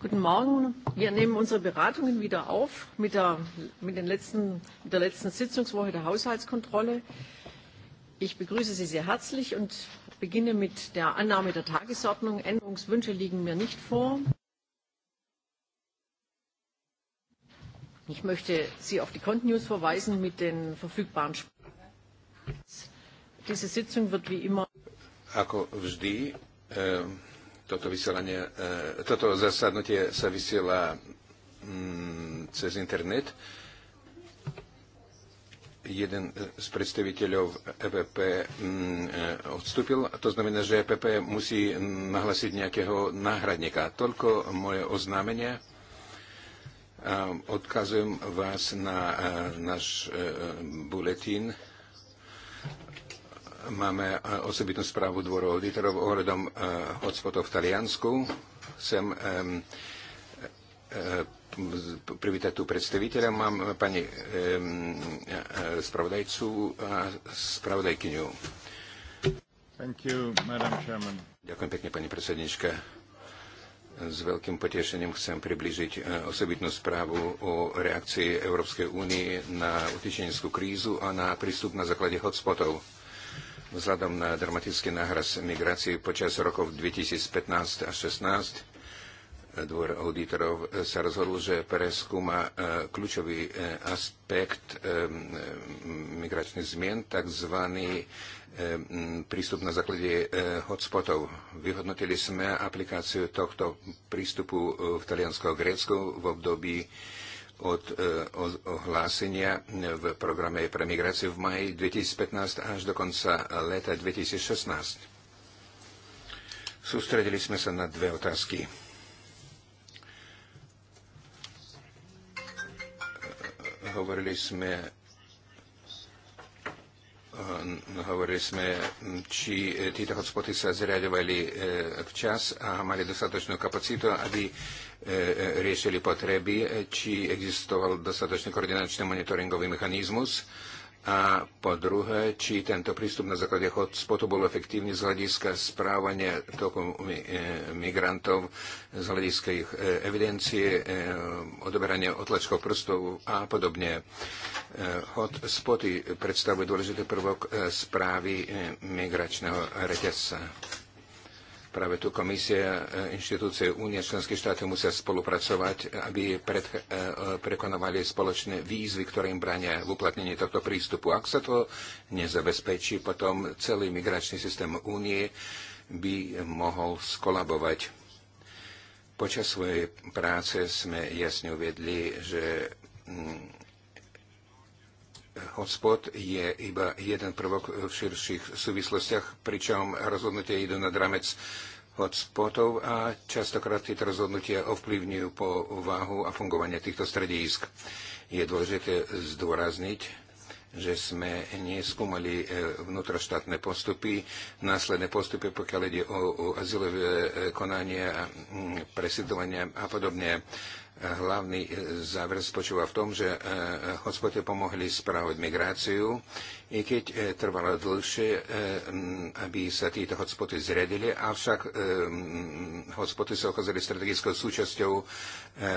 Guten Morgen. Wir nehmen unsere Beratungen wieder auf mit der, mit den letzten, mit der letzten Sitzungswoche der Haushaltskontrolle. Ich begrüße Sie sehr herzlich und beginne mit der Annahme der Tagesordnung. Änderungswünsche liegen mir nicht vor. Ich möchte Sie auf die Kontinews verweisen mit den verfügbaren Sprachen. Diese Sitzung wird wie immer. Ako vždy, äh toto, vysielanie, e, toto zasadnutie sa vysiela mm, cez internet. Jeden e, z predstaviteľov EPP mm, e, odstúpil. To znamená, že EPP musí nahlasiť nejakého náhradníka. Toľko moje oznámenie. Odkazujem vás na náš buletín. Máme e, osobitnú správu dvoru auditorov ohľadom e, hotspotov v Taliansku. Chcem e, privítať tu predstaviteľa. Mám pani spravodajcu a spravodajkyňu. You, Ďakujem pekne, pani predsednička. S veľkým potešením chcem približiť osobitnú správu o reakcii Európskej únie na utečeneckú krízu a na prístup na základe hotspotov vzhľadom na dramatický náhraz migrácie počas rokov 2015 a 2016 eh, dvor auditorov eh, sa rozhodol, že preskúma eh, kľúčový aspekt migračných zmien, tzv. prístup na základe hotspotov. Vyhodnotili sme aplikáciu tohto prístupu v taliansko Grécku v období E, od ohlásenia v programe pre migráciu v maji 2015 až do konca leta 2016. Sústredili sme sa na dve otázky. Hovorili sme e, hovorili sme, či títo hotspoty sa zriadovali e, včas a mali dostatočnú kapacitu, aby E, e, riešili potreby, e, či existoval dostatočný koordinačný monitoringový mechanizmus a po druhé, či tento prístup na základe hotspotu bol efektívny z hľadiska správania toku migrantov, z hľadiska ich evidencie, odoberania otlačkov prstov a podobne. Hotspoty predstavujú dôležitý prvok správy migračného reťazca. Práve tu komisia, e, inštitúcie únie, členské štáty musia spolupracovať, aby pred, e, prekonovali spoločné výzvy, ktoré im brania v uplatnení tohto prístupu. Ak sa to nezabezpečí, potom celý migračný systém únie by mohol skolabovať. Počas svojej práce sme jasne uviedli, že mm, hotspot je iba jeden prvok v širších súvislostiach, pričom rozhodnutie idú nad ramec hotspotov a častokrát tieto rozhodnutia ovplyvňujú váhu a fungovanie týchto stredísk. Je dôležité zdôrazniť, že sme neskúmali e, vnútroštátne postupy, následné postupy, pokiaľ ide o, o azylové e, konania, mm, presidovanie a podobne. Hlavný e, záver spočíva v tom, že e, hospodie pomohli spravovať migráciu, i keď e, trvalo dlhšie, aby sa títo hospody zredili, avšak hospody sa okázali strategickou súčasťou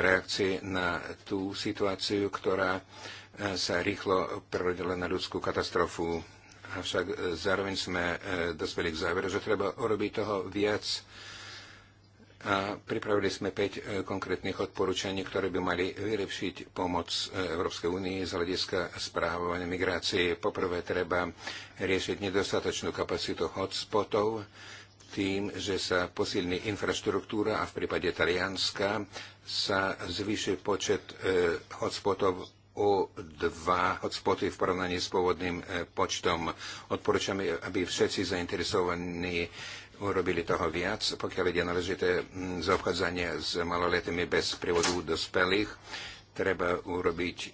reakcie na tú situáciu, ktorá sa rýchlo prerodila na ľudskú katastrofu. Avšak zároveň sme dospeli k záveru, že treba urobiť toho viac a pripravili sme 5 e, konkrétnych odporúčaní, ktoré by mali vylepšiť pomoc e, Európskej únie z hľadiska správovania migrácie. Poprvé treba riešiť nedostatočnú kapacitu hotspotov tým, že sa posilní infraštruktúra a v prípade Talianska sa zvýši počet e, hotspotov o dva hotspoty v porovnaní s pôvodným počtom. Odporúčame, aby všetci zainteresovaní urobili toho viac, pokiaľ ide náležité zaobchádzanie s maloletými bez prievodu dospelých. Treba urobiť e,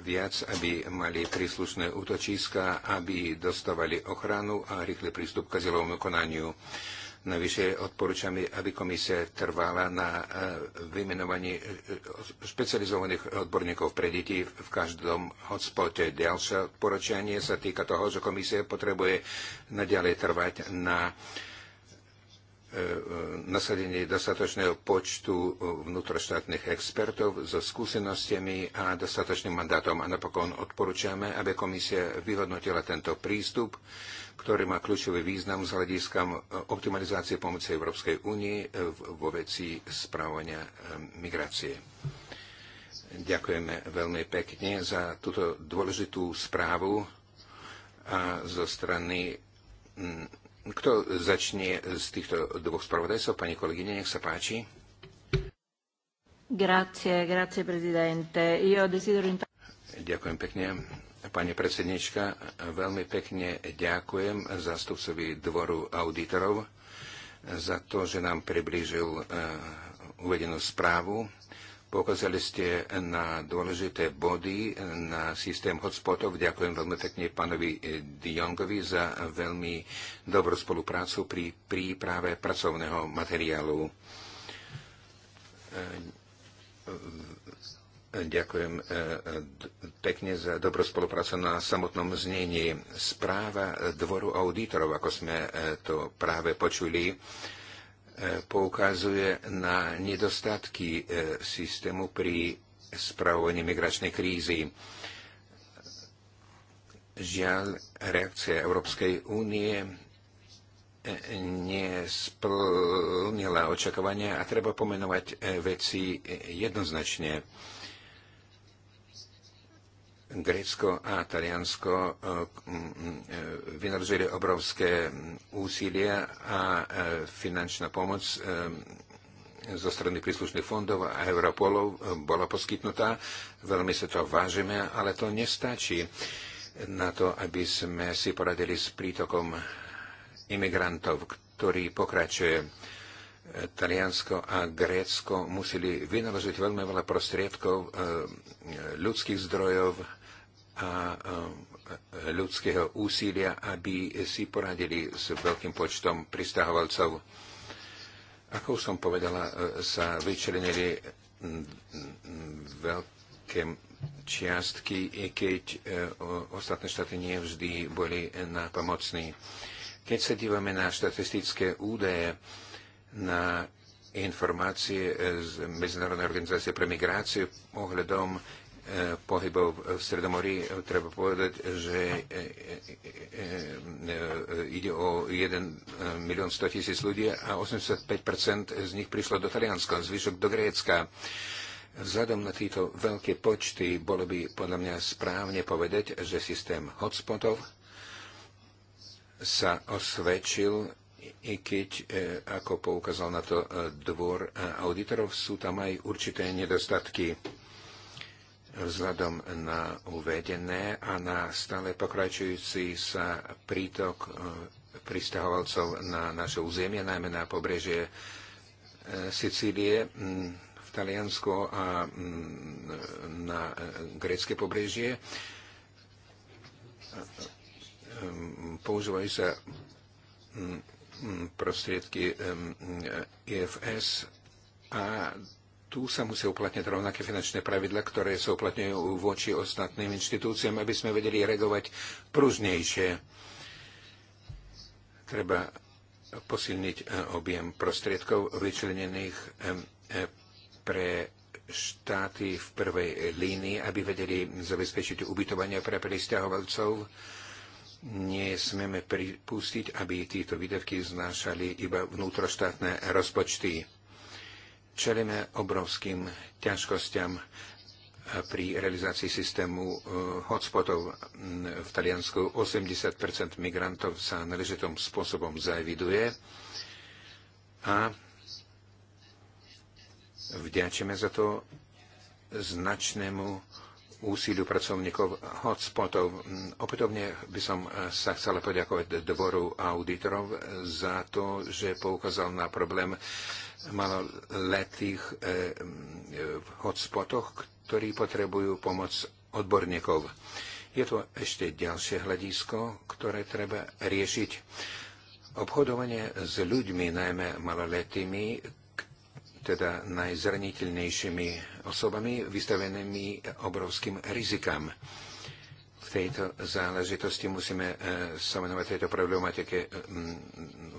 viac, aby mali príslušné útočiska, aby dostávali ochranu a rýchly prístup k azylovému konaniu. Navyše odporúčam, aby komisia trvala na e, vymenovaní e, špecializovaných odborníkov pre deti v každom hotspote. Ďalšie odporúčanie sa týka toho, že komisia potrebuje naďalej trvať na E, e, nasadenie dostatočného počtu e, vnútroštátnych expertov so skúsenostiami a dostatočným mandátom. A napokon odporúčame, aby komisia vyhodnotila tento prístup, ktorý má kľúčový význam z hľadiska optimalizácie pomoci Európskej únie vo veci správania migrácie. Ďakujeme veľmi pekne za túto dôležitú správu a zo strany kto začne z týchto dvoch spravodajcov? Pani kolegyne, nech sa páči. Grazie, grazie, prezidente. Io desidero... Ďakujem pekne. Pani predsednička, veľmi pekne ďakujem zástupcovi dvoru auditorov za to, že nám priblížil eh, uvedenú správu Pokazali ste na dôležité body, na systém hotspotov. Ďakujem veľmi pekne pánovi Diongovi za veľmi dobrú spoluprácu pri príprave pracovného materiálu. Ďakujem eh, pekne za dobrú spoluprácu na samotnom znení. Správa dvoru auditorov, ako sme eh, to práve počuli, E, poukazuje na nedostatky e, systému pri spravovaní migračnej krízy. Žiaľ, reakcia Európskej únie e, nesplnila očakovania a treba pomenovať veci jednoznačne Grécko a Taliansko eh, mm, eh, vynaložili obrovské mm, úsilia a eh, finančná pomoc zo strany príslušných fondov a Europolov bola poskytnutá. Veľmi sa to vážime, ale to nestačí na to, aby sme si poradili s prítokom imigrantov, ktorý pokračuje. Taliansko a Grécko museli vynaložiť veľmi veľa prostriedkov, ľudských zdrojov, a e, ľudského úsilia, aby si poradili s veľkým počtom pristahovalcov. Ako som povedala, e, sa vyčlenili veľké čiastky, i keď e, ostatné štáty nie vždy boli pomocný. Keď sa dívame na štatistické údaje, na informácie z Medzinárodnej organizácie pre migráciu ohľadom E, pohybov v Stredomorí, e, treba povedať, že e, ide o 1 milión 100 tisíc ľudí a 85% z nich prišlo do Talianska, zvyšok do Grécka. Vzhľadom na tieto veľké počty bolo by podľa mňa správne povedať, že systém hotspotov sa osvedčil, i keď, ako poukázal na to dvor auditorov, sú tam aj určité nedostatky Vzhľadom na uvedené a na stále pokračujúci sa prítok e, pristahovalcov na naše územie, najmä na pobrežie e, Sicílie, v Taliansko a na e, grécké pobrežie, používajú sa prostriedky IFS a tu sa musia uplatniť rovnaké finančné pravidla, ktoré sa uplatňujú voči ostatným inštitúciám, aby sme vedeli reagovať pružnejšie. Treba posilniť e, objem prostriedkov vyčlenených e, e, pre štáty v prvej línii, aby vedeli zabezpečiť ubytovania pre pristahovalcov. Nesmieme pripustiť, aby tieto výdavky znášali iba vnútroštátne rozpočty Čelíme obrovským ťažkosťam pri realizácii systému eh, hotspotov v Taliansku. 80 migrantov sa náležitým spôsobom zaviduje a vďačíme za to značnému úsiliu pracovníkov hotspotov. Opätovne by som eh, sa chcela poďakovať dvoru auditorov za to, že poukázal na problém maloletých v eh, eh, hotspotoch, ktorí potrebujú pomoc odborníkov. Je to ešte ďalšie hľadisko, ktoré treba riešiť. Obchodovanie s ľuďmi, najmä maloletými, teda najzraniteľnejšími osobami, vystavenými obrovským rizikám tejto záležitosti musíme e, sa venovať tejto problematike e,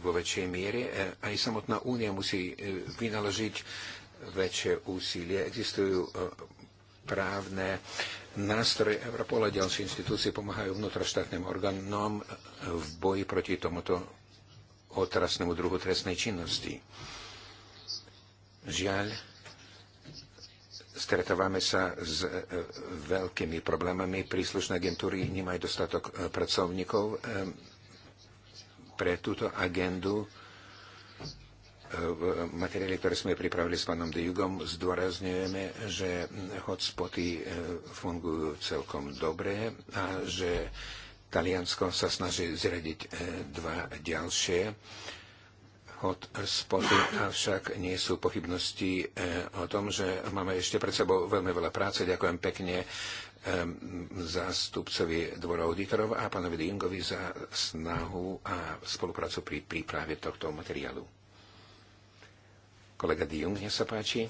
vo väčšej miere. E, aj samotná únia musí vynaložiť väčšie úsilie. Existujú právne nástroje Europol a ďalšie inštitúcie pomáhajú vnútroštátnym orgánom v boji proti tomuto otrasnému druhu trestnej činnosti. Žiaľ, stretávame sa s e, veľkými problémami. Príslušné agentúry nemajú dostatok e, pracovníkov e, pre túto agendu. V materiáli, ktoré sme pripravili s pánom De Jugom, zdôrazňujeme, že hotspoty fungujú celkom dobre a že Taliansko sa snaží zradiť dva ďalšie od spotu avšak nie sú pochybnosti eh, o tom, že máme ešte pred sebou veľmi veľa práce. Ďakujem pekne eh, zástupcovi dvora auditorov a pánovi Dingovi za snahu a spoluprácu pri príprave tohto materiálu. Kolega Dijung, nech sa páči.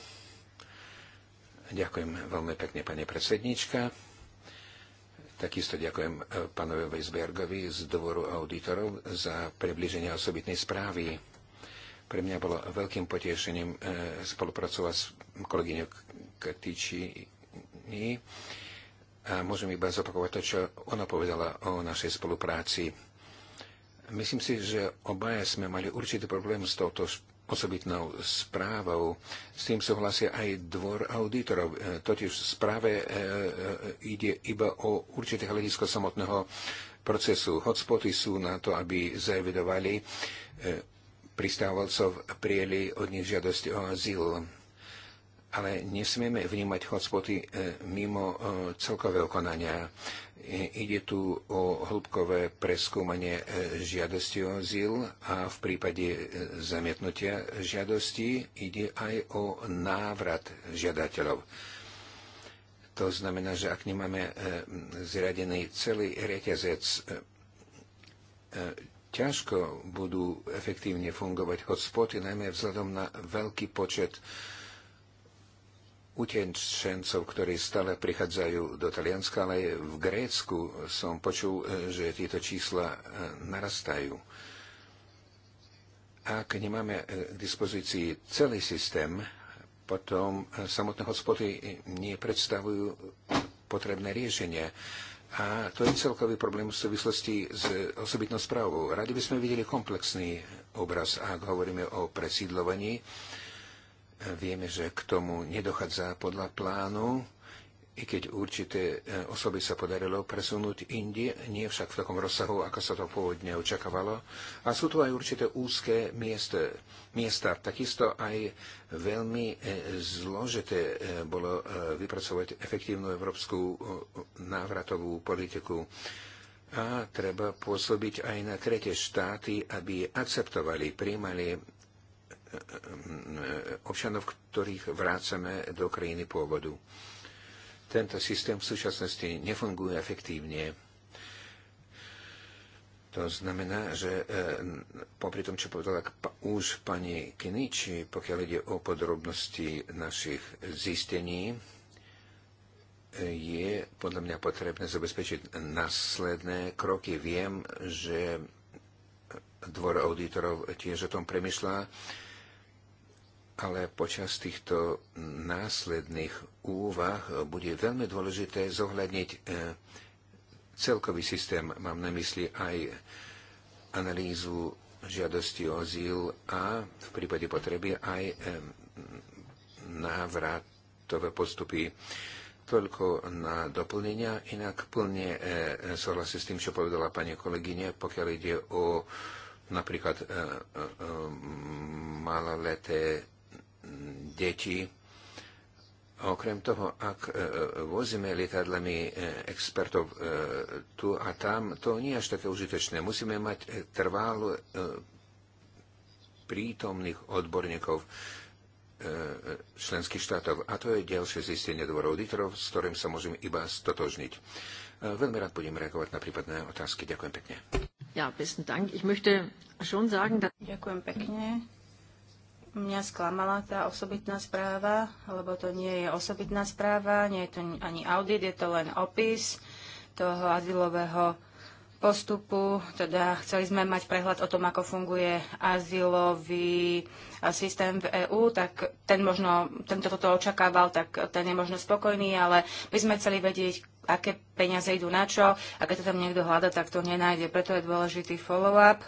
Ďakujem veľmi pekne, pani predsednička. Takisto ďakujem eh, pánovi Weisbergovi z dvoru auditorov za približenie osobitnej správy pre mňa bolo veľkým potešením e, spolupracovať s kolegyňou Katičiny a môžem iba zopakovať to, čo ona povedala o našej spolupráci. Myslím si, že obaja sme mali určitý problém s touto osobitnou správou. S tým súhlasia aj dvor auditorov. E, totiž v správe e, ide iba o určité hľadisko samotného procesu. Hotspoty sú na to, aby zaevidovali pristahovalcov prijeli od nich žiadosť o azyl. Ale nesmieme vnímať hotspoty e, mimo e, celkového konania. E, ide tu o hĺbkové preskúmanie žiadosti o azyl a v prípade zamietnutia žiadosti ide aj o návrat žiadateľov. To znamená, že ak nemáme zriadený celý reťazec ťažko budú efektívne fungovať hotspoty, najmä vzhľadom na veľký počet utečencov, ktorí stále prichádzajú do Talianska, ale aj v Grécku som počul, že tieto čísla e, narastajú. Ak nemáme e, k dispozícii celý systém, potom e, samotné hotspoty predstavujú potrebné riešenie. A to je celkový problém v súvislosti s osobitnou správou. Radi by sme videli komplexný obraz, ak hovoríme o presídlovaní. Vieme, že k tomu nedochádza podľa plánu i keď určité e, osoby sa podarilo presunúť inde, nie však v takom rozsahu, ako sa to pôvodne očakávalo. A sú tu aj určité úzke miesta, miesta. Takisto aj veľmi e, zložité e, bolo vypracovať efektívnu európsku návratovú politiku. A treba pôsobiť aj na tretie štáty, aby akceptovali, príjmali občanov, ktorých vrácame do krajiny pôvodu. Tento systém v súčasnosti nefunguje efektívne. To znamená, že e, popri tom, čo povedala už pani Kiniči, pokiaľ ide o podrobnosti našich zistení, je podľa mňa potrebné zabezpečiť následné kroky. Viem, že dvor auditorov tiež o tom premyšľa ale počas týchto následných úvah bude veľmi dôležité zohľadniť e, celkový systém. Mám na mysli aj analýzu žiadosti o azyl a v prípade potreby aj e, návratové postupy. Toľko na doplnenia, inak plne e, súhlasím s tým, čo povedala pani kolegyne, pokiaľ ide o napríklad e, e, e, deti. Okrem toho, ak e, e, vozíme lietadlami e, expertov tu a tam, to nie je až také užitočné. Musíme mať trvalo prítomných odborníkov členských štátov. A to je ďalšie zistenie dvora auditorov, s ktorým sa môžem iba stotožniť. Veľmi rád budem reagovať na prípadné otázky. Ďakujem pekne. Ja, besten Dank. Ich möchte schon sagen, dass... Ďakujem pekne mňa sklamala tá osobitná správa, lebo to nie je osobitná správa, nie je to ani audit, je to len opis toho azylového postupu, teda chceli sme mať prehľad o tom, ako funguje azylový eh, systém v EÚ, tak ten možno, tento toto očakával, tak ten je možno spokojný, ale my sme chceli vedieť, aké peniaze idú na čo a keď to tam niekto hľada, tak to nenájde. Preto je dôležitý follow-up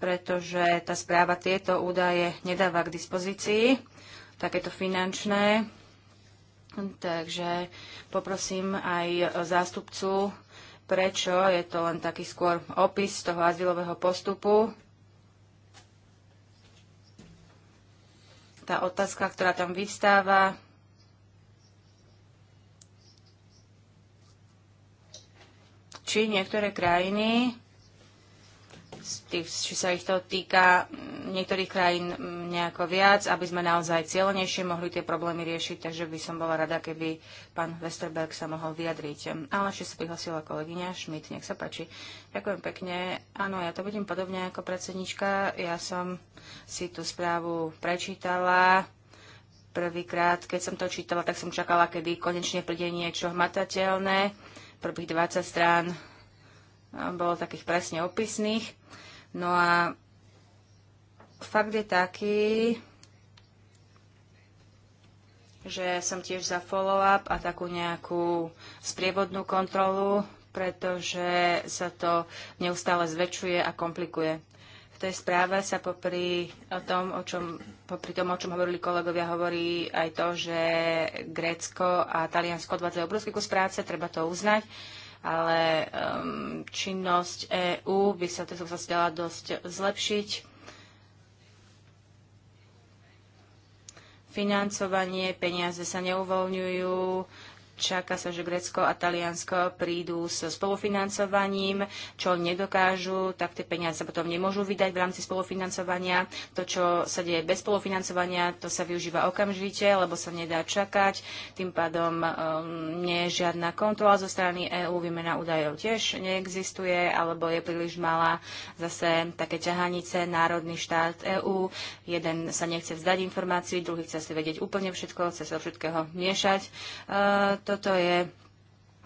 pretože tá správa tieto údaje nedáva k dispozícii, takéto finančné. Takže poprosím aj zástupcu, prečo je to len taký skôr opis toho azylového postupu. Tá otázka, ktorá tam vystáva, či niektoré krajiny tých, či sa ich to týka niektorých krajín nejako viac, aby sme naozaj cieľnejšie mohli tie problémy riešiť, takže by som bola rada, keby pán Westerberg sa mohol vyjadriť. Ale ešte sa prihlasila kolegyňa Schmidt, nech sa páči. Ďakujem pekne. Áno, ja to vidím podobne ako predsednička. Ja som si tú správu prečítala prvýkrát, keď som to čítala, tak som čakala, kedy konečne príde niečo hmatateľné. Prvých 20 strán bolo takých presne opisných. No a fakt je taký, že som tiež za follow-up a takú nejakú sprievodnú kontrolu, pretože sa to neustále zväčšuje a komplikuje. V tej správe sa popri, o tom, o čom, popri tom, o čom hovorili kolegovia, hovorí aj to, že Grécko a Taliansko odvádzajú obrovský kus práce, treba to uznať. Uh, ale um, činnosť EÚ by sa teda sa dala dosť zlepšiť. Financovanie, peniaze sa neuvoľňujú, Čaká sa, že Grécko a Taliansko prídu s spolufinancovaním, čo nedokážu, tak tie peniaze sa potom nemôžu vydať v rámci spolufinancovania. To, čo sa deje bez spolufinancovania, to sa využíva okamžite, lebo sa nedá čakať. Tým pádom um, nie je žiadna kontrola zo strany EÚ, výmena údajov tiež neexistuje, alebo je príliš malá. Zase také ťahanice, národný štát EÚ, jeden sa nechce vzdať informácií, druhý chce si vedieť úplne všetko, chce sa do všetkého miešať. Uh, toto je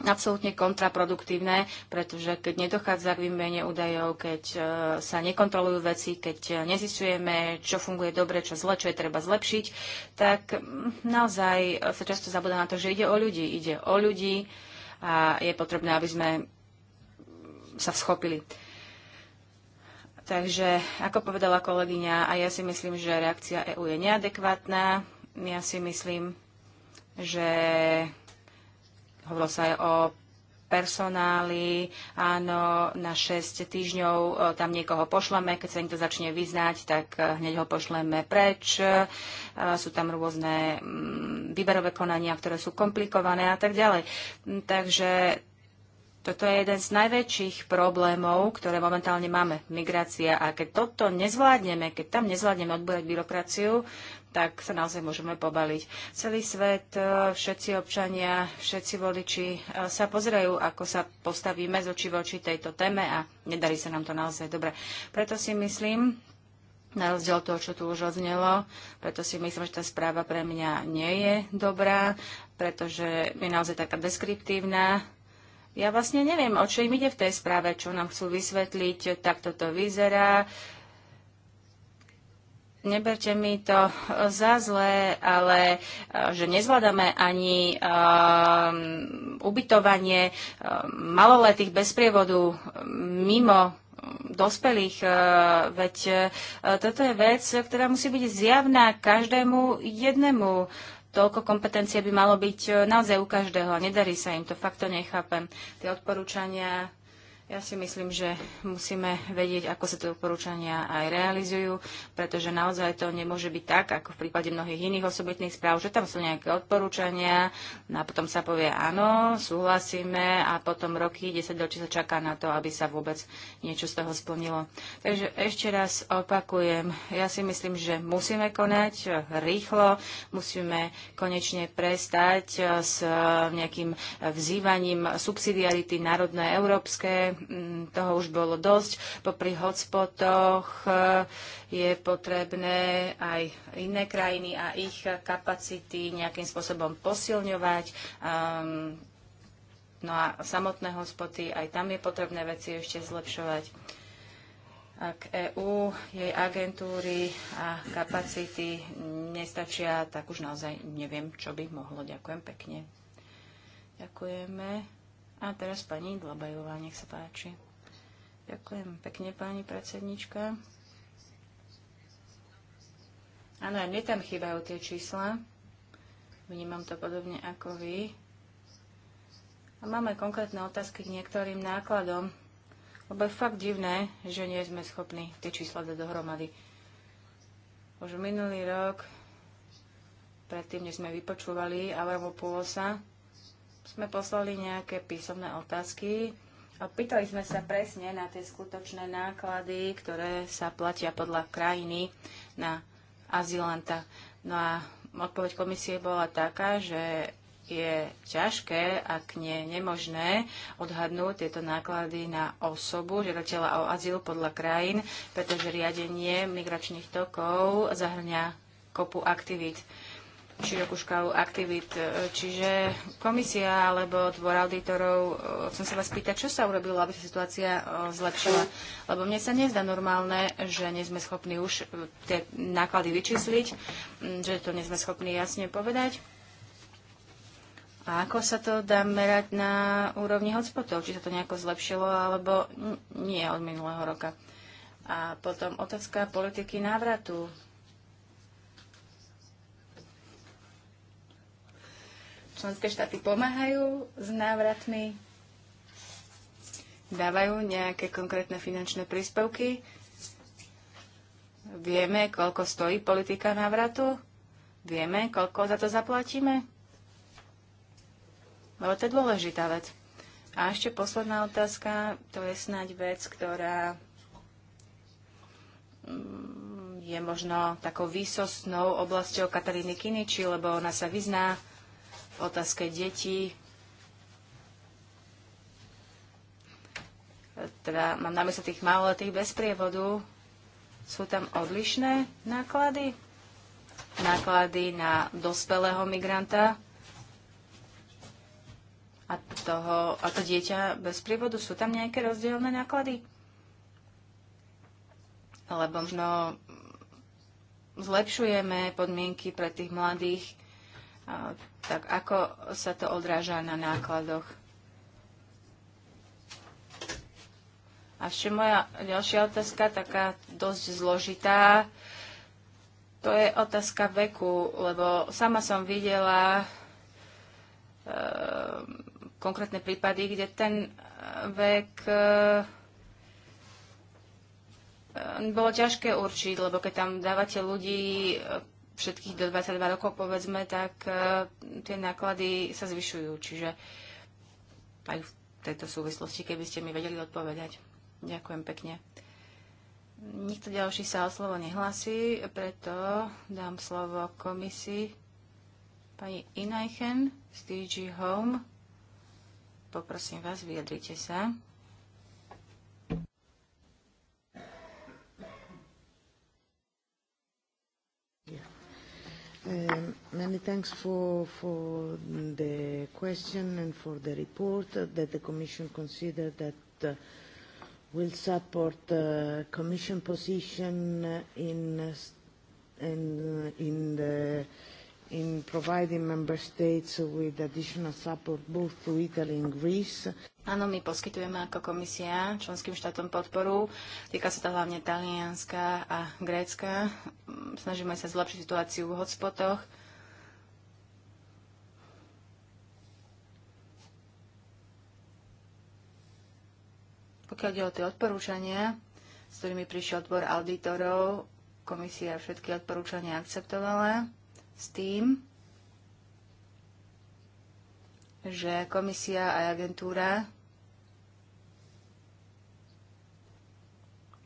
absolútne kontraproduktívne, pretože keď nedochádza k výmene údajov, keď e, sa nekontrolujú veci, keď e, nezistujeme, čo funguje dobre, čo zle, čo je treba zlepšiť, tak naozaj sa často zabúda na to, že ide o ľudí. Ide o ľudí a je potrebné, aby sme sa schopili. Takže, ako povedala kolegyňa, a ja si myslím, že reakcia EÚ je neadekvátna. Ja si myslím, že Hovorilo sa aj o personáli, áno, na 6 týždňov e, tam niekoho pošleme, keď sa niekto začne vyznať, tak e, hneď ho pošleme preč. E, sú tam rôzne mm, výberové konania, ktoré sú komplikované a tak ďalej. Mm, takže toto je jeden z najväčších problémov, ktoré momentálne máme, migrácia. A keď toto nezvládneme, keď tam nezvládneme odbúrať byrokraciu, tak sa naozaj môžeme pobaliť. Celý svet, e, všetci občania, všetci voliči e, sa pozerajú, ako sa postavíme z očí voči tejto téme a nedarí sa nám to naozaj dobre. Preto si myslím, na rozdiel toho, čo tu už odznelo, preto si myslím, že tá správa pre mňa nie je dobrá, pretože je naozaj taká deskriptívna, ja vlastne neviem, o čo im ide v tej správe, čo nám chcú vysvetliť, tak toto vyzerá, Neberte mi to za zlé, ale e, že nezvládame ani um, ubytovanie um, maloletých bez prievodu mimo dospelých, veď toto je vec, ktorá musí byť zjavná každému jednému. Toľko kompetencie by malo byť naozaj u každého nedarí sa im to, fakt to nechápem. Tie odporúčania ja si myslím, že musíme vedieť, ako sa tie odporúčania aj realizujú, pretože naozaj to nemôže byť tak, ako v prípade mnohých iných osobitných správ, že tam sú nejaké odporúčania no a potom sa povie áno, súhlasíme a potom roky, 10 ročí sa čaká na to, aby sa vôbec niečo z toho splnilo. Takže ešte raz opakujem, ja si myslím, že musíme konať rýchlo, musíme konečne prestať s nejakým vzývaním subsidiarity národné, európske, Mm, toho už bolo dosť. Popri hotspotoch eh, je potrebné aj iné krajiny a ich kapacity nejakým spôsobom posilňovať. Ehm, no a samotné hotspoty, aj tam je potrebné veci ešte zlepšovať. Ak EÚ, jej agentúry a kapacity nestačia, tak už naozaj neviem, čo by mohlo. Ďakujem pekne. Ďakujeme. A teraz pani Dlabajová, nech sa páči. Ďakujem pekne, pani predsednička. Áno, aj mne tam chýbajú tie čísla. Vnímam to podobne ako vy. A máme konkrétne otázky k niektorým nákladom, lebo je fakt divné, že nie sme schopní tie čísla dať dohromady. Už minulý rok, predtým, než sme vypočúvali Avramo Pulosa, sme poslali nejaké písomné otázky a pýtali sme sa presne na tie skutočné náklady, ktoré sa platia podľa krajiny na azylanta. No a odpoveď komisie bola taká, že je ťažké, ak nie nemožné, odhadnúť tieto náklady na osobu žiadateľa o azyl podľa krajín, pretože riadenie migračných tokov zahrňa kopu aktivít širokú škálu aktivít. E, Čiže komisia alebo dvor auditorov, e, chcem sa vás pýtať, čo sa urobilo, aby sa situácia e, zlepšila. Lebo mne sa nezdá normálne, že nie sme schopní už tie náklady vyčísliť, že to nie sme schopní jasne povedať. A ako sa to dá merať na úrovni hotspotov? Či sa to nejako zlepšilo, alebo nie od minulého roka? A potom otázka politiky návratu. členské štáty pomáhajú s návratmi, dávajú nejaké konkrétne finančné príspevky. Vieme, koľko stojí politika návratu? Vieme, koľko za to zaplatíme? Lebo to je dôležitá vec. A ešte posledná otázka, to je snáď vec, ktorá mm, je možno takou výsostnou oblasťou Kataríny Kiniči, lebo ona sa vyzná v otázke detí. Teda mám na mysle tých maloletých bez prievodu. Sú tam odlišné náklady? Náklady na dospelého migranta a, toho, a to dieťa bez prievodu. Sú tam nejaké rozdielne náklady? Lebo možno zlepšujeme podmienky pre tých mladých tak ako sa to odráža na nákladoch? A ešte moja ďalšia otázka, taká dosť zložitá, to je otázka veku, lebo sama som videla e, konkrétne prípady, kde ten e, vek e, e, bolo ťažké určiť, lebo keď tam dávate ľudí e, všetkých do 22 rokov, povedzme, tak e, tie náklady sa zvyšujú. Čiže aj v tejto súvislosti, keby ste mi vedeli odpovedať. Ďakujem pekne. Nikto ďalší sa o slovo nehlasí, preto dám slovo komisii pani Inajchen z DG Home. Poprosím vás, vyjadrite sa. Um, many thanks for, for the question and for the report that the Commission considered that uh, will support the uh, Commission position in, in, in, the, in providing Member States with additional support both to Italy and Greece. Áno, my poskytujeme ako komisia členským štátom podporu. Týka sa to hlavne Talianska a Grécka. Snažíme sa zlepšiť situáciu v hotspotoch. Pokiaľ ide o tie odporúčania, s ktorými prišiel odbor auditorov, komisia všetky odporúčania akceptovala s tým, že komisia a agentúra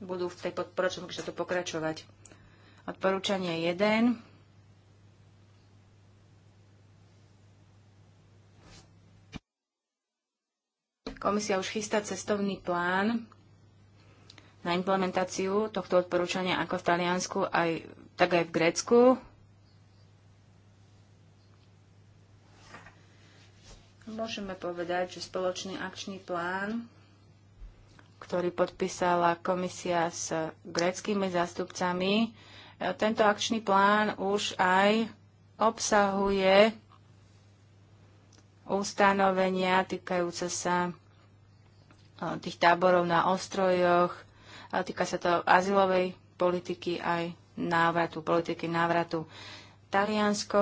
budú v tej podporočnom členských to pokračovať. Odporúčanie 1. Komisia už chystá cestovný plán na implementáciu tohto odporúčania ako v Taliansku, aj, tak aj v Grécku. Môžeme povedať, že spoločný akčný plán ktorý podpísala komisia s gréckými zástupcami. E, tento akčný plán už aj obsahuje ustanovenia týkajúce sa e, tých táborov na ostrojoch, e, týka sa to azylovej politiky aj návratu, politiky návratu. Taliansko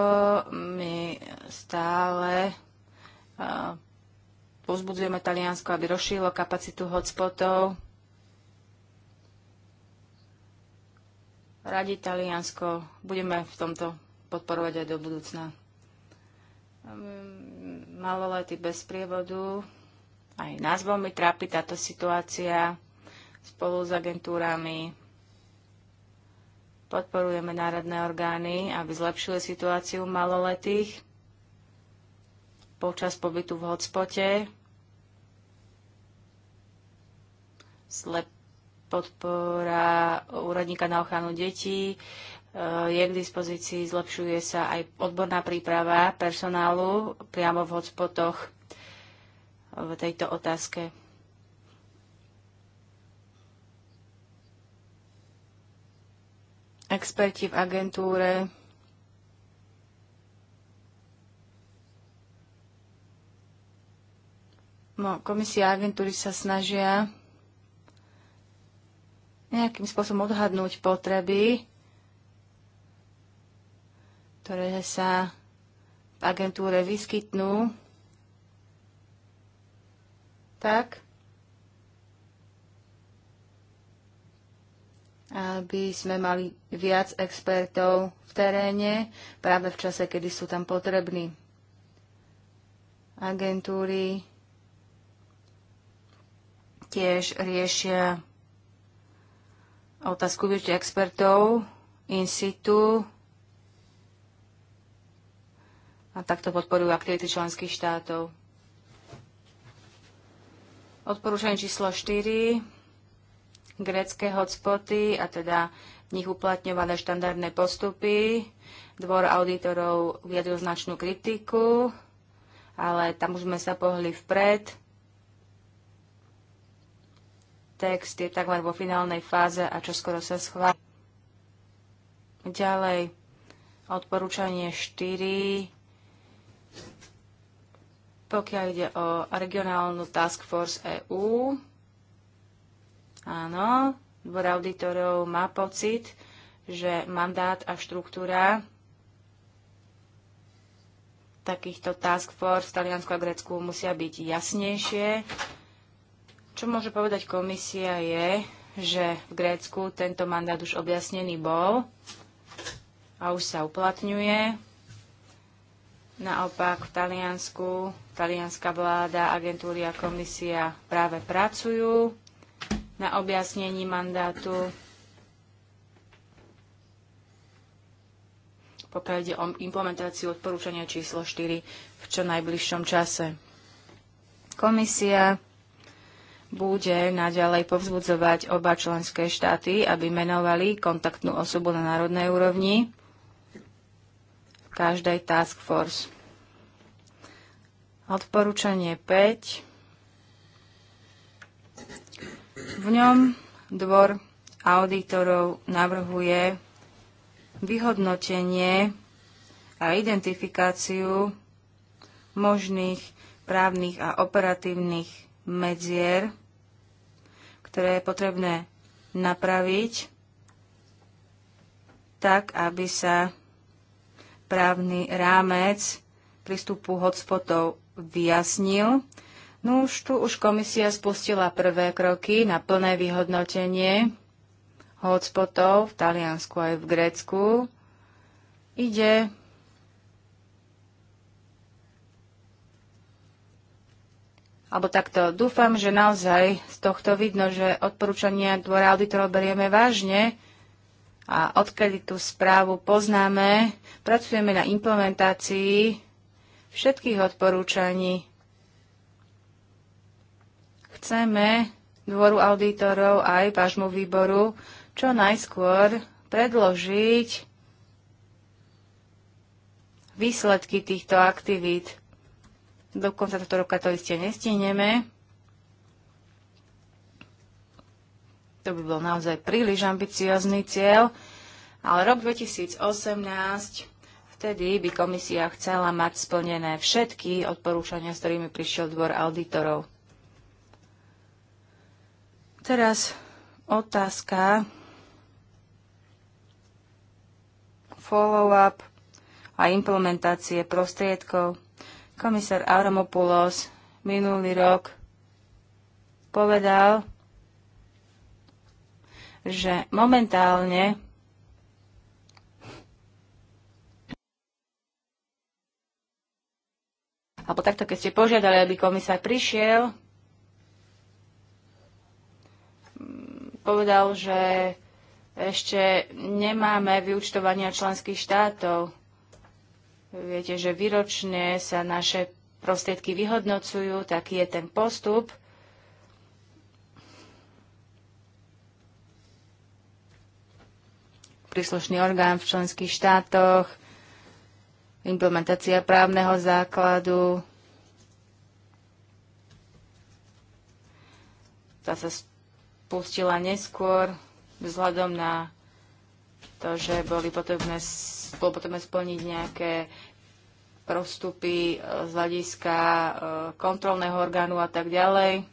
mi stále Pozbudzujeme Taliansko, aby rozšírilo kapacitu hotspotov. Radi Taliansko budeme v tomto podporovať aj do budúcna. Ehm, malolety bez prievodu. Aj nás veľmi trápi táto situácia spolu s agentúrami. Podporujeme národné orgány, aby zlepšili situáciu maloletých počas pobytu v hotspote. slep podpora úradníka na ochranu detí, e, je k dispozícii, zlepšuje sa aj odborná príprava personálu priamo v hotspotoch v tejto otázke. Experti v agentúre No, komisia agentúry sa snažia nejakým spôsobom odhadnúť potreby, ktoré sa v agentúre vyskytnú, tak, aby sme mali viac expertov v teréne práve v čase, kedy sú tam potrební. Agentúry tiež riešia otázku využitia expertov in situ a takto podporujú aktivity členských štátov. Odporúčanie číslo 4. Grécké hotspoty a teda v nich uplatňované štandardné postupy. Dvor auditorov vyjadril značnú kritiku, ale tam už sme sa pohli vpred Text je takmer vo finálnej fáze a čoskoro sa schváli. Ďalej, odporúčanie 4. Pokiaľ ide o regionálnu Task Force EU, áno, dvor auditorov má pocit, že mandát a štruktúra takýchto task force v Taliansku a Grécku musia byť jasnejšie čo môže povedať komisia je, že v Grécku tento mandát už objasnený bol a už sa uplatňuje. Naopak v Taliansku talianská vláda, agentúry a komisia práve pracujú na objasnení mandátu. pokiaľ ide o implementáciu odporúčania číslo 4 v čo najbližšom čase. Komisia bude naďalej povzbudzovať oba členské štáty, aby menovali kontaktnú osobu na národnej úrovni každej task force. Odporúčanie 5. V ňom dvor auditorov navrhuje vyhodnotenie a identifikáciu možných právnych a operatívnych medzier ktoré je potrebné napraviť tak, aby sa právny rámec prístupu hotspotov vyjasnil. No už tu už komisia spustila prvé kroky na plné vyhodnotenie hotspotov v Taliansku aj v Grécku. Ide alebo takto dúfam, že naozaj z tohto vidno, že odporúčania dvora auditorov berieme vážne a odkedy tú správu poznáme, pracujeme na implementácii všetkých odporúčaní. Chceme dvoru auditorov aj vášmu výboru čo najskôr predložiť výsledky týchto aktivít do konca tohto roka to iste nestihneme. To by bol naozaj príliš ambiciózny cieľ, ale rok 2018 vtedy by komisia chcela mať splnené všetky odporúčania, s ktorými prišiel dvor auditorov. Teraz otázka follow-up a implementácie prostriedkov. Komisár Auramopoulos minulý rok povedal, že momentálne alebo takto, keď ste požiadali, aby komisár prišiel, povedal, že ešte nemáme vyučtovania členských štátov. Viete, že výročne sa naše prostriedky vyhodnocujú, taký je ten postup. Príslušný orgán v členských štátoch, implementácia právneho základu, tá sa spustila neskôr vzhľadom na to, že boli potrebné, bolo potrebné splniť nejaké prostupy e, z hľadiska e, kontrolného orgánu a tak ďalej.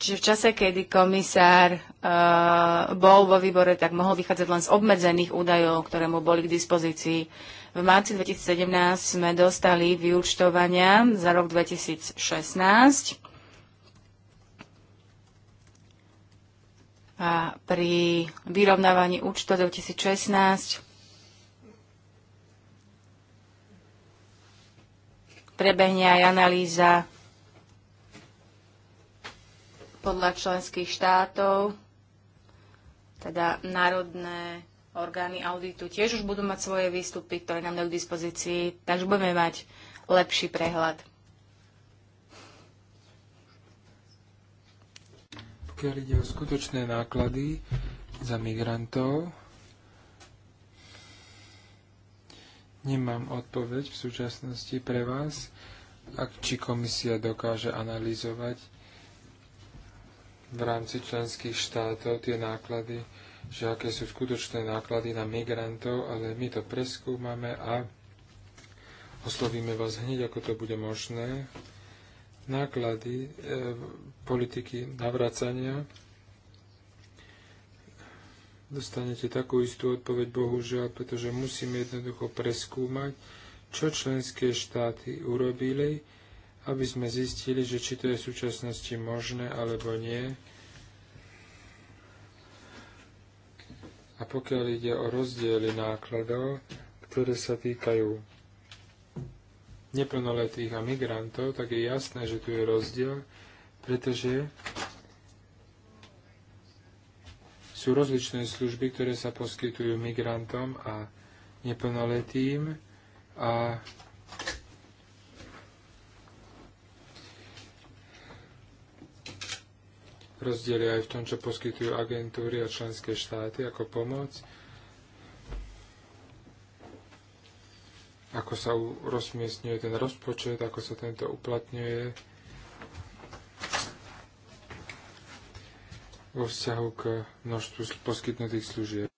Čiže v čase, kedy komisár uh, bol vo výbore, tak mohol vychádzať len z obmedzených údajov, ktoré mu boli k dispozícii. V marci 2017 sme dostali vyúčtovania za rok 2016 a pri vyrovnávaní účtov 2016 prebehne aj analýza podľa členských štátov, teda národné orgány auditu tiež už budú mať svoje výstupy, ktoré nám dajú k dispozícii, takže budeme mať lepší prehľad. pokiaľ ide o skutočné náklady za migrantov, nemám odpoveď v súčasnosti pre vás, ak či komisia dokáže analyzovať v rámci členských štátov tie náklady, že aké sú skutočné náklady na migrantov, ale my to preskúmame a oslovíme vás hneď, ako to bude možné náklady e, politiky navracania, dostanete takú istú odpoveď, bohužiaľ, pretože musíme jednoducho preskúmať, čo členské štáty urobili, aby sme zistili, že či to je v súčasnosti možné alebo nie. A pokiaľ ide o rozdiely nákladov, ktoré sa týkajú neplnoletých a migrantov, tak je jasné, že tu je rozdiel, pretože sú rozličné služby, ktoré sa poskytujú migrantom a neplnoletým a rozdiel aj v tom, čo poskytujú agentúry a členské štáty ako pomoc ako sa rozmiestňuje ten rozpočet, ako sa tento uplatňuje vo vzťahu k množstvu poskytnutých služieb.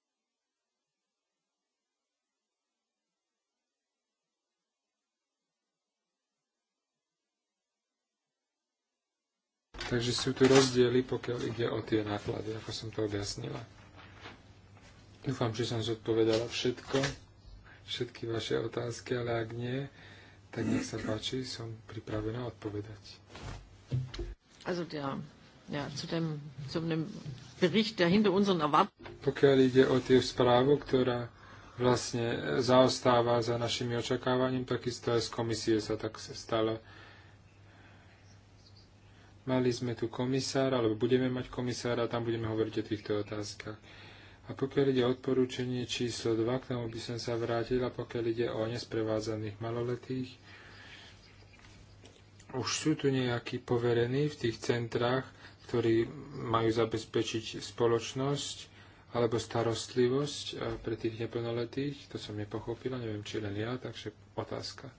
Takže sú tu rozdiely, pokiaľ ide o tie náklady, ako som to objasnila. Dúfam, že som zodpovedala všetko všetky vaše otázky, ale ak nie, tak nech sa páči, som pripravená odpovedať. Also der, ja, zu dem, zu dem Bericht, der hinter unseren Erwartungen... Pokiaľ ide o tie správu, ktorá vlastne zaostáva za našimi očakávaním, takisto aj z komisie sa tak stalo. Mali sme tu komisára, alebo budeme mať komisára, tam budeme hovoriť o týchto otázkach. A pokiaľ ide o odporúčanie číslo 2, k tomu by som sa vrátila, pokiaľ ide o nesprevádzaných maloletých, už sú tu nejakí poverení v tých centrách, ktorí majú zabezpečiť spoločnosť alebo starostlivosť eh, pre tých neplnoletých. To som nepochopila, neviem, či len ja, takže otázka.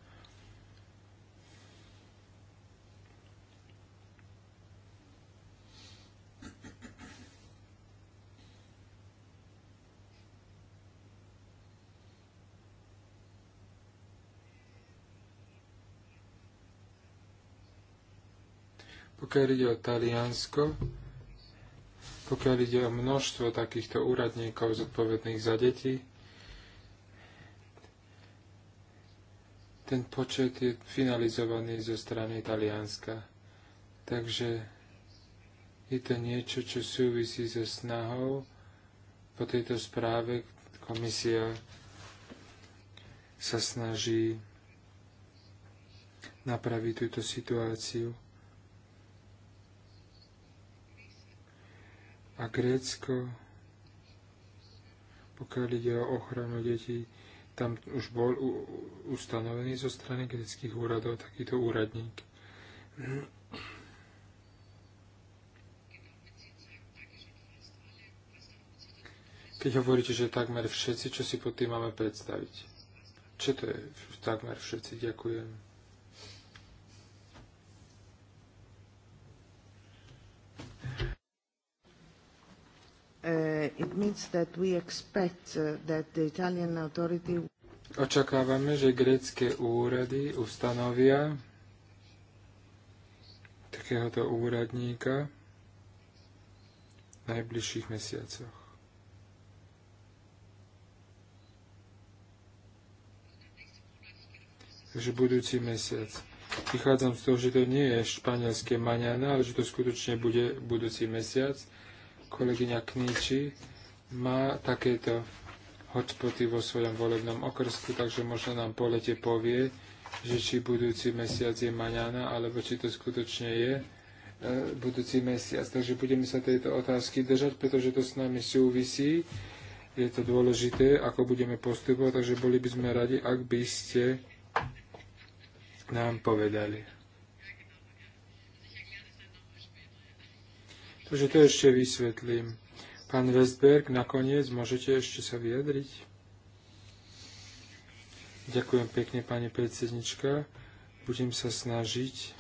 Pokiaľ ide o Taliansko, pokiaľ ide o množstvo takýchto úradníkov zodpovedných za deti, ten počet je finalizovaný zo strany Talianska. Takže je to niečo, čo súvisí so snahou po tejto správe komisia sa snaží napraviť túto situáciu. a Grécko, pokiaľ ide o ochranu detí, tam už bol ustanovený zo strany greckých úradov takýto úradník. Keď hovoríte, že takmer všetci, čo si pod tým máme predstaviť? Čo to je takmer všetci? Ďakujem. Uh, it means that we expect uh, that the Italian authority Očakávame, že grécké úrady ustanovia takéhoto úradníka v najbližších mesiacoch. Takže budúci mesiac. Vychádzam z toho, že to nie je španielské maňana, ale že to skutočne bude budúci mesiac kolegyňa Kníči má takéto hotspoty vo svojom volebnom okrsku, takže možno nám po lete povie, že či budúci mesiac je maňana, alebo či to skutočne je e, budúci mesiac. Takže budeme sa tejto otázky držať, pretože to s nami súvisí. Je to dôležité, ako budeme postupovať, takže boli by sme radi, ak by ste nám povedali. Takže to ešte vysvetlím. Pán Westberg, nakoniec môžete ešte sa vyjadriť. Ďakujem pekne, pani predsednička. Budem sa snažiť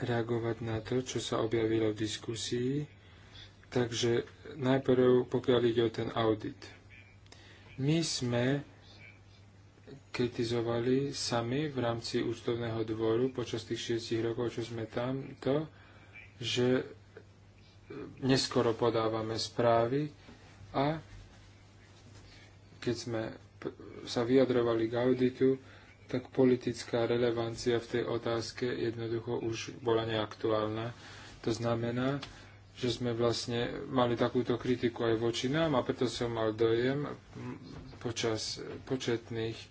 reagovať na to, čo sa objavilo v diskusii. Takže najprv, pokiaľ ide o ten audit. My sme kritizovali sami v rámci účtovného dvoru počas tých 6 rokov, čo sme tam, to, že neskoro podávame správy a keď sme sa vyjadrovali k auditu, tak politická relevancia v tej otázke jednoducho už bola neaktuálna. To znamená, že sme vlastne mali takúto kritiku aj voči nám a preto som mal dojem počas početných e,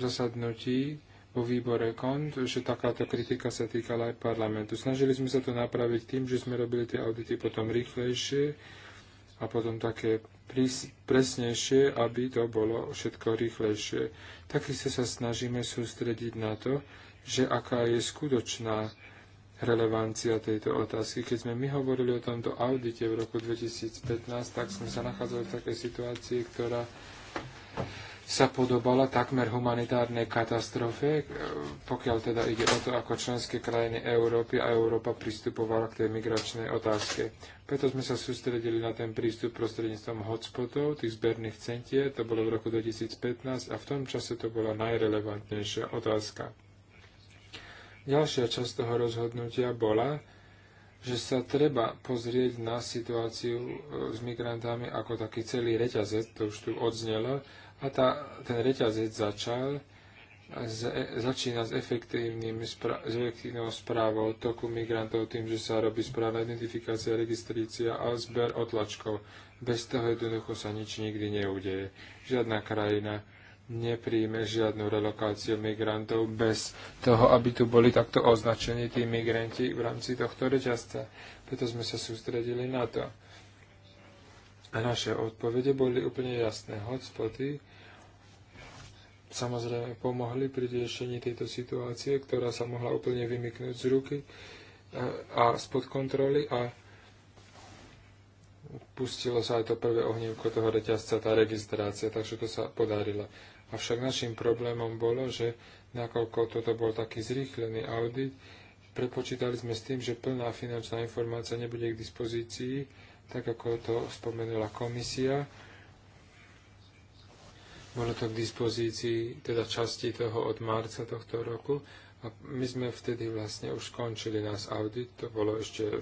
zasadnutí vo výbore KONT, že takáto kritika sa týkala aj parlamentu. Snažili sme sa to napraviť tým, že sme robili tie audity potom rýchlejšie a potom také presnejšie, aby to bolo všetko rýchlejšie. Takisto sa snažíme sústrediť na to, že aká je skutočná relevancia tejto otázky. Keď sme my hovorili o tomto audite v roku 2015, tak sme sa nachádzali v takej situácii, ktorá sa podobala takmer humanitárnej katastrofe, e, pokiaľ teda ide o to, ako členské krajiny Európy a Európa pristupovala k tej migračnej otázke. Preto sme sa sústredili na ten prístup prostredníctvom hotspotov, tých zberných centier, to bolo v roku 2015 a v tom čase to bola najrelevantnejšia otázka. Ďalšia časť toho rozhodnutia bola, že sa treba pozrieť na situáciu e, s migrantami ako taký celý reťazec, to už tu odznelo, a tá, ten reťazec začal, z, e, začína s efektívnym spra- s efektívnou správou toku migrantov tým, že sa robí správna identifikácia, registrícia a zber otlačkov. Bez toho jednoducho sa nič nikdy neudeje. Žiadna krajina nepríjme žiadnu relokáciu migrantov bez toho, aby tu boli takto označení tí migranti v rámci tohto reťazca. Preto sme sa sústredili na to. A naše odpovede boli úplne jasné. Hotspoty samozrejme pomohli pri riešení tejto situácie, ktorá sa mohla úplne vymyknúť z ruky a spod kontroly a pustilo sa aj to prvé ohnívko toho reťazca, tá registrácia, takže to sa podarilo. Avšak našim problémom bolo, že nakoľko toto bol taký zrýchlený audit, prepočítali sme s tým, že plná finančná informácia nebude k dispozícii tak ako to spomenula komisia. Bolo to k dispozícii teda časti toho od marca tohto roku a my sme vtedy vlastne už skončili nás audit, to bolo ešte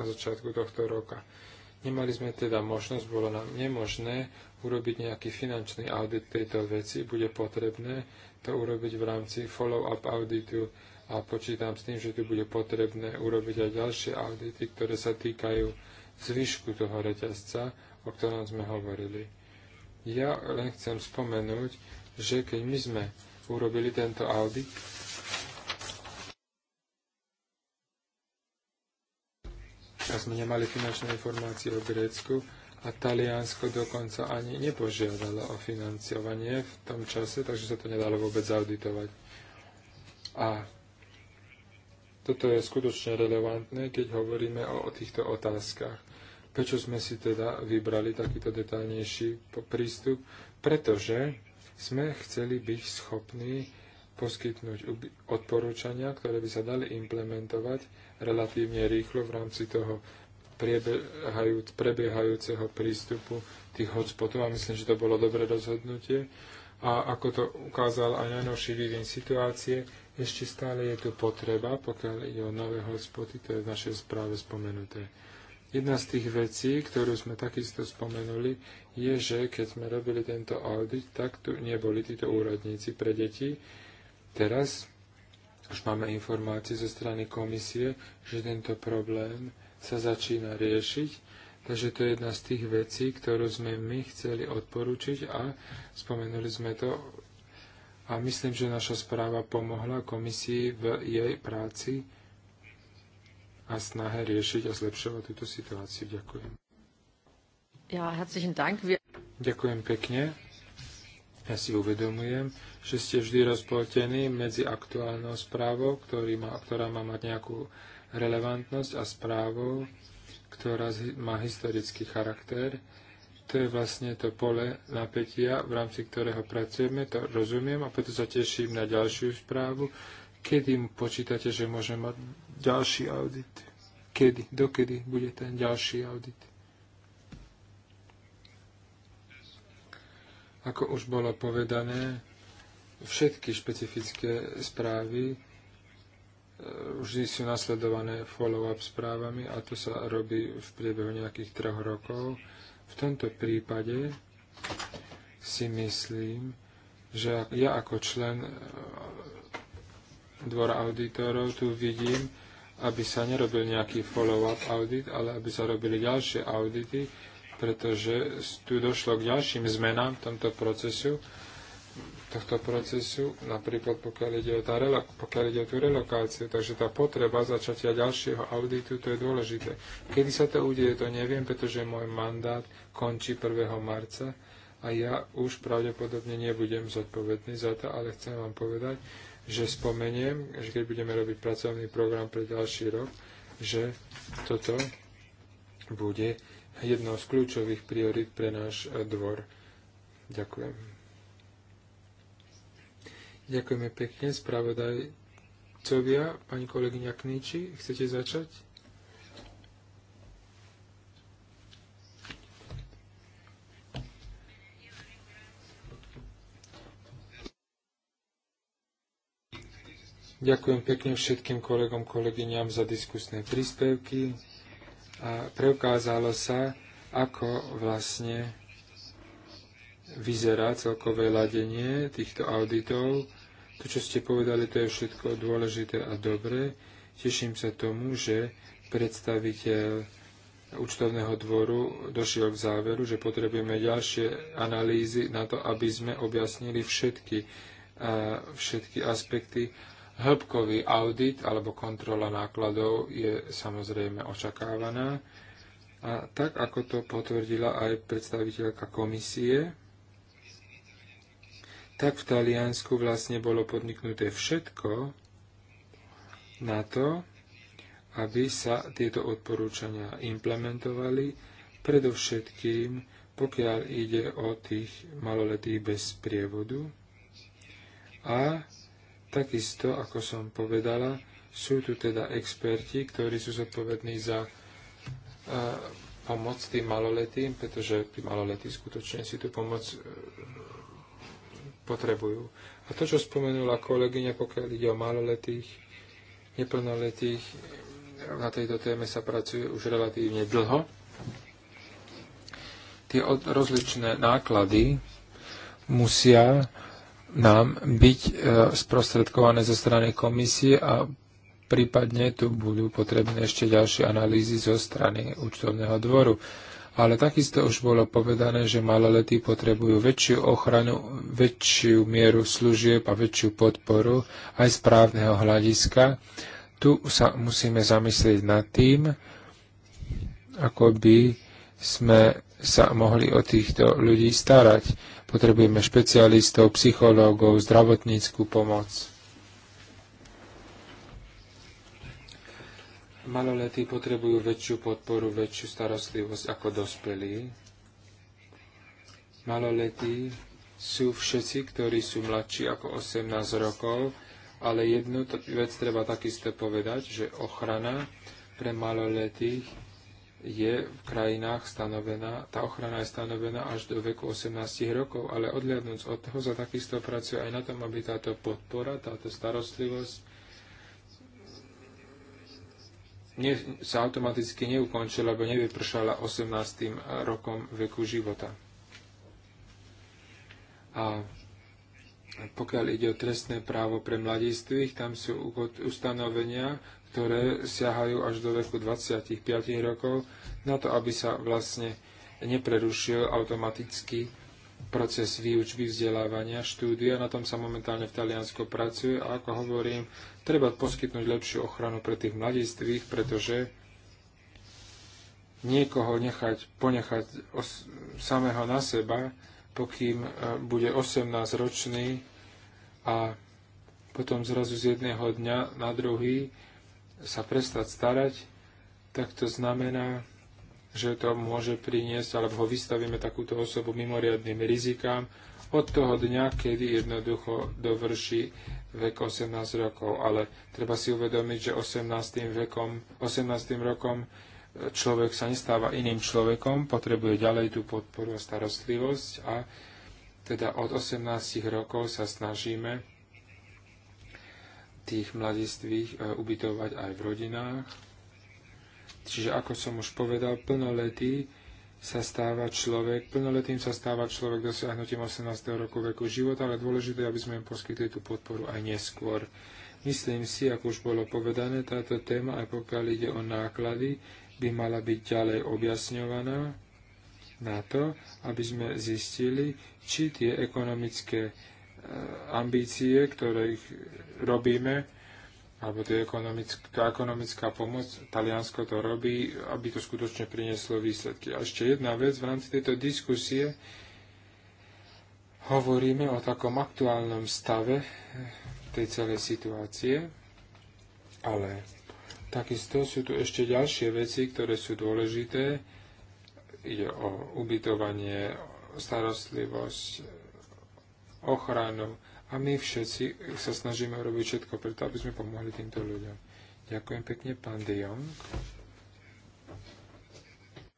na začiatku tohto roka. Nemali sme teda možnosť, bolo nám nemožné urobiť nejaký finančný audit tejto veci. Bude potrebné to urobiť v rámci follow-up auditu a počítam s tým, že tu bude potrebné urobiť aj ďalšie audity, ktoré sa týkajú zvyšku toho reťazca, o ktorom sme hovorili. Ja len chcem spomenúť, že keď my sme urobili tento audit, a sme nemali finančné informácie o Grécku a Taliansko dokonca ani nepožiadalo o financovanie v tom čase, takže sa to nedalo vôbec auditovať. A toto je skutočne relevantné, keď hovoríme o, o týchto otázkach. Prečo sme si teda vybrali takýto detaľnejší prístup? Pretože sme chceli byť schopní poskytnúť odporúčania, ktoré by sa dali implementovať relatívne rýchlo v rámci toho prebiehajúceho prístupu tých hotspotov a myslím, že to bolo dobré rozhodnutie. A ako to ukázal aj najnovší vývin situácie, ešte stále je tu potreba, pokiaľ ide o nové hotspoty, to je v našej správe spomenuté. Jedna z tých vecí, ktorú sme takisto spomenuli, je, že keď sme robili tento audit, tak tu neboli títo úradníci pre deti. Teraz už máme informácie zo strany komisie, že tento problém sa začína riešiť. Takže to je jedna z tých vecí, ktorú sme my chceli odporučiť a spomenuli sme to a myslím, že naša správa pomohla komisii v jej práci a snahe riešiť a zlepšovať túto situáciu. Ďakujem. Ja, herzlichen Dank. Ďakujem pekne. Ja si uvedomujem, že ste vždy rozpoltení medzi aktuálnou správou, ktorý má, ktorá má mať nejakú relevantnosť a správou, ktorá má historický charakter. To je vlastne to pole napätia, v rámci ktorého pracujeme, to rozumiem a preto sa teším na ďalšiu správu, Kedy počítate, že môže mať ďalší audit? Kedy? Dokedy bude ten ďalší audit? Ako už bolo povedané, všetky špecifické správy e, vždy sú nasledované follow-up správami a to sa robí v priebehu nejakých troch rokov. V tomto prípade si myslím, že ja ako člen e, dvora auditorov tu vidím, aby sa nerobil nejaký follow-up audit, ale aby sa robili ďalšie audity, pretože tu došlo k ďalším zmenám v tomto procesu, tohto procesu, napríklad pokiaľ ide o, tá, pokiaľ ide o tú relokáciu. Takže tá potreba začatia ďalšieho auditu, to je dôležité. Kedy sa to udeje, to neviem, pretože môj mandát končí 1. marca a ja už pravdepodobne nebudem zodpovedný za to, ale chcem vám povedať, že spomeniem, že keď budeme robiť pracovný program pre ďalší rok, že toto bude jednou z kľúčových priorit pre náš e, dvor. Ďakujem. Ďakujeme pekne, spravodajcovia. Pani kolegyňa Kníči, chcete začať? Ďakujem pekne všetkým kolegom, kolegyňam za diskusné príspevky a preukázalo sa, ako vlastne vyzerá celkové ladenie týchto auditov. To, čo ste povedali, to je všetko dôležité a dobré. Teším sa tomu, že predstaviteľ účtovného dvoru došiel k záveru, že potrebujeme ďalšie analýzy na to, aby sme objasnili všetky, všetky aspekty Hĺbkový audit alebo kontrola nákladov je samozrejme očakávaná. A tak, ako to potvrdila aj predstaviteľka komisie, tak v Taliansku vlastne bolo podniknuté všetko na to, aby sa tieto odporúčania implementovali, predovšetkým pokiaľ ide o tých maloletých bez prievodu a Takisto, ako som povedala, sú tu teda experti, ktorí sú zodpovední za e, pomoc tým maloletým, pretože tí maloletí skutočne si tú pomoc e, potrebujú. A to, čo spomenula kolegyňa, pokiaľ ide o maloletých, neplnoletých, na tejto téme sa pracuje už relatívne dlho. Tie rozličné náklady musia nám byť e, sprostredkované zo strany komisie a prípadne tu budú potrebné ešte ďalšie analýzy zo strany účtovného dvoru. Ale takisto už bolo povedané, že maloletí potrebujú väčšiu ochranu, väčšiu mieru služieb a väčšiu podporu aj z právneho hľadiska. Tu sa musíme zamyslieť nad tým, ako by sme sa mohli o týchto ľudí starať Potrebujeme špecialistov, psychológov, zdravotníckú pomoc. Maloletí potrebujú väčšiu podporu, väčšiu starostlivosť ako dospelí. Maloletí sú všetci, ktorí sú mladší ako 18 rokov, ale jednu vec treba takisto povedať, že ochrana pre maloletých je v krajinách stanovená, tá ochrana je stanovená až do veku 18 rokov, ale odliadnúc od toho sa takisto pracuje aj na tom, aby táto podpora, táto starostlivosť ne, sa automaticky neukončila, alebo nevypršala 18. rokom veku života. A pokiaľ ide o trestné právo pre mladistvých, tam sú ustanovenia, ktoré siahajú až do veku 25 rokov, na to, aby sa vlastne neprerušil automaticky proces výučby, vzdelávania, štúdia. Na tom sa momentálne v Taliansku pracuje a ako hovorím, treba poskytnúť lepšiu ochranu pre tých mladistvých, pretože niekoho nechať, ponechať os- samého na seba, pokým e, bude 18-ročný a potom zrazu z jedného dňa na druhý sa prestať starať, tak to znamená, že to môže priniesť, alebo ho vystavíme takúto osobu mimoriadným rizikám od toho dňa, kedy jednoducho dovrší vek 18 rokov. Ale treba si uvedomiť, že 18. Vekom, 18. rokom e, človek sa nestáva iným človekom, potrebuje ďalej tú podporu a starostlivosť a teda od 18 rokov sa snažíme tých mladistvých e, ubytovať aj v rodinách. Čiže ako som už povedal, plnoletý sa stáva človek, plnoletým sa stáva človek dosiahnutím 18. roku veku života, ale dôležité, aby sme im poskytli tú podporu aj neskôr. Myslím si, ako už bolo povedané, táto téma, aj pokiaľ ide o náklady, by mala byť ďalej objasňovaná na to, aby sme zistili, či tie ekonomické ambície, ktoré ich robíme, alebo to je ekonomická pomoc, Taliansko to robí, aby to skutočne prinieslo výsledky. A ešte jedna vec, v rámci tejto diskusie hovoríme o takom aktuálnom stave tej celej situácie, ale takisto sú tu ešte ďalšie veci, ktoré sú dôležité. Ide o ubytovanie, starostlivosť, ochranou. A my všetci sa snažíme robiť všetko preto, aby sme pomohli týmto ľuďom. Ďakujem pekne, pán De Jong.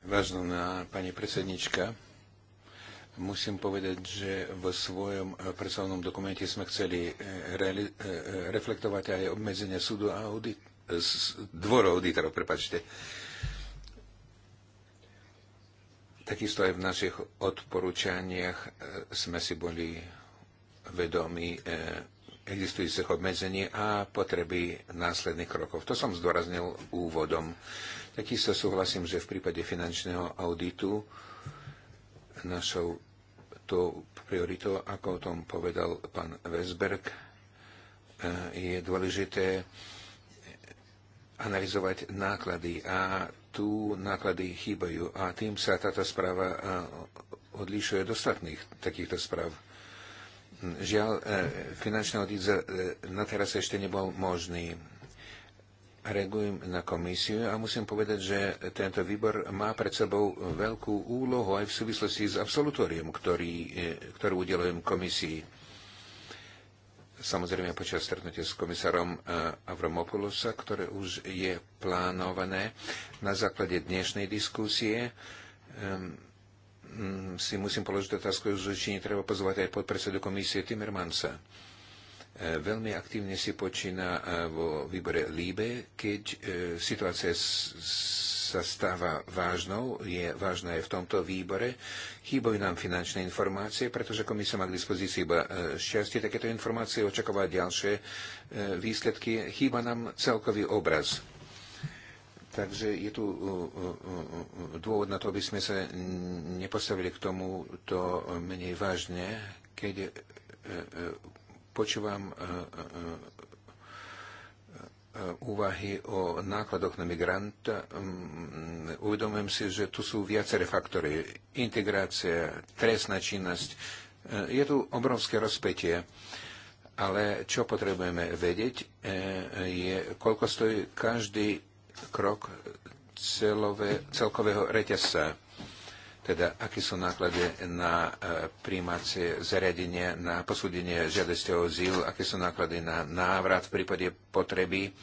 Vážená pani predsednička, musím povedať, že vo svojom eh, pracovnom dokumente sme chceli eh, reali- eh, reflektovať aj obmedzenia súdu a audit- dvoru auditorov, prepačte. Takisto aj v našich odporúčaniach sme si boli vedomí e, existujúcich obmedzenia a potreby následných krokov. To som zdôraznil úvodom. Takisto súhlasím, že v prípade finančného auditu našou to prioritou, ako o tom povedal pán Vesberg, e, je dôležité analyzovať náklady a tu náklady chýbajú a tým sa táto správa e, odlišuje od ostatných takýchto správ Žiaľ, e, finančný audit e, na teraz ešte nebol možný. Reagujem na komisiu a musím povedať, že tento výbor má pred sebou veľkú úlohu aj v súvislosti s absolutórium, ktorý, e, ktorú udelujem komisii. Samozrejme počas stretnutia s komisárom Avramopoulosa, ktoré už je plánované na základe dnešnej diskusie. Um, Mm, si musím položiť otázku, že či netreba pozvať aj podpredsedu komisie Timmermansa. E, veľmi aktívne si počína e, vo výbore Líbe, keď e, situácia sa stáva vážnou, je vážna aj v tomto výbore. Chýbajú nám finančné informácie, pretože komisia má k dispozícii iba šťastie takéto informácie, očakáva ďalšie výsledky. Chýba nám celkový obraz Takže je tu uh, uh, uh, dôvod na to, aby sme sa nepostavili k tomu to menej vážne, keď počúvam úvahy o nákladoch na migrant, um, uvedomujem si, že tu sú viaceré faktory. Integrácia, trestná činnosť. Je tu obrovské rozpetie. Ale čo potrebujeme vedieť, je, koľko stojí každý krok celové, celkového reťazca, teda aké sú náklady na e, príjmacie zariadenie, na posúdenie žiadosti o zíl, aké sú náklady na návrat v prípade potreby.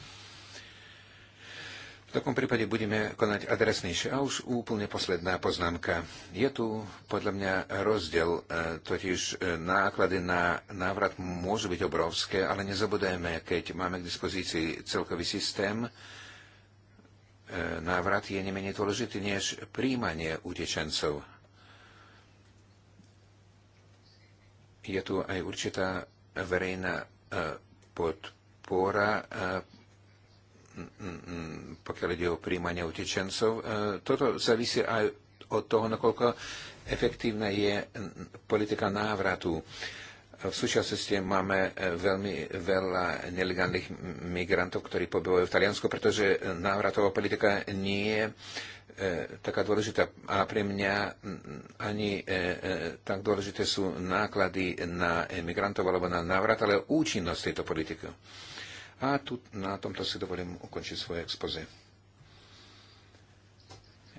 V takom prípade budeme konať adresnejšie. A už úplne posledná poznámka. Je tu podľa mňa rozdiel, e, totiž e, náklady na návrat môžu byť obrovské, ale nezabudujeme, keď máme k dispozícii celkový systém, návrat je nemenej dôležitý než príjmanie utečencov. Je tu aj určitá verejná e, podpora, e, pokiaľ ide o príjmanie utečencov. E, toto závisí aj od toho, nakoľko efektívna je politika návratu. V súčasnosti máme e, veľmi veľa nelegálnych migrantov, ktorí pobývajú v Taliansku, pretože návratová politika nie je e, taká dôležitá. A pre mňa ani e, tak dôležité sú náklady na migrantov alebo na návrat, ale účinnosť tejto politiky. A tu, na tomto si dovolím ukončiť svoje expoze.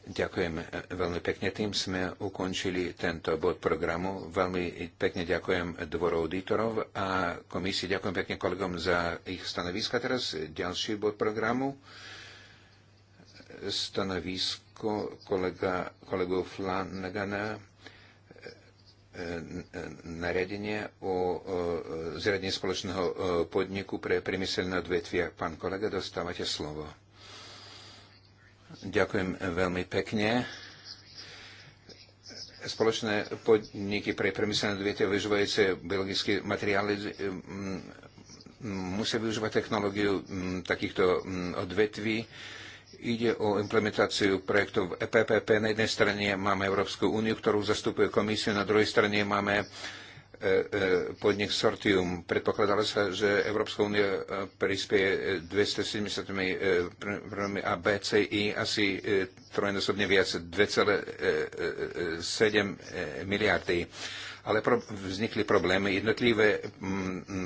Ďakujem e, veľmi pekne. Tým sme ukončili tento bod programu. Veľmi pekne ďakujem dvoru auditorov a komisii. Ďakujem pekne kolegom za ich stanoviska. Teraz ďalší bod programu. Stanovisko kolega, kolegu Flanagana e, nariadenie o zriadení spoločného e, podniku pre priemyselné odvetvia. Pán kolega, dostávate slovo. Ďakujem veľmi pekne. Spoločné podniky pre premyslené odvietie vyživujúce biologické materiály eh, musia využívať technológiu takýchto odvetví. Ide o implementáciu projektov EPPP. Na jednej strane máme Európsku úniu, ktorú zastupuje komisiu, na druhej strane máme uh, E, e, podnik Sortium. Predpokladalo sa, že Európska únia e, prispieje 270 a BCI asi trojnásobne viac, 2,7 miliardy. Ale pro, vznikli problémy. Jednotlivé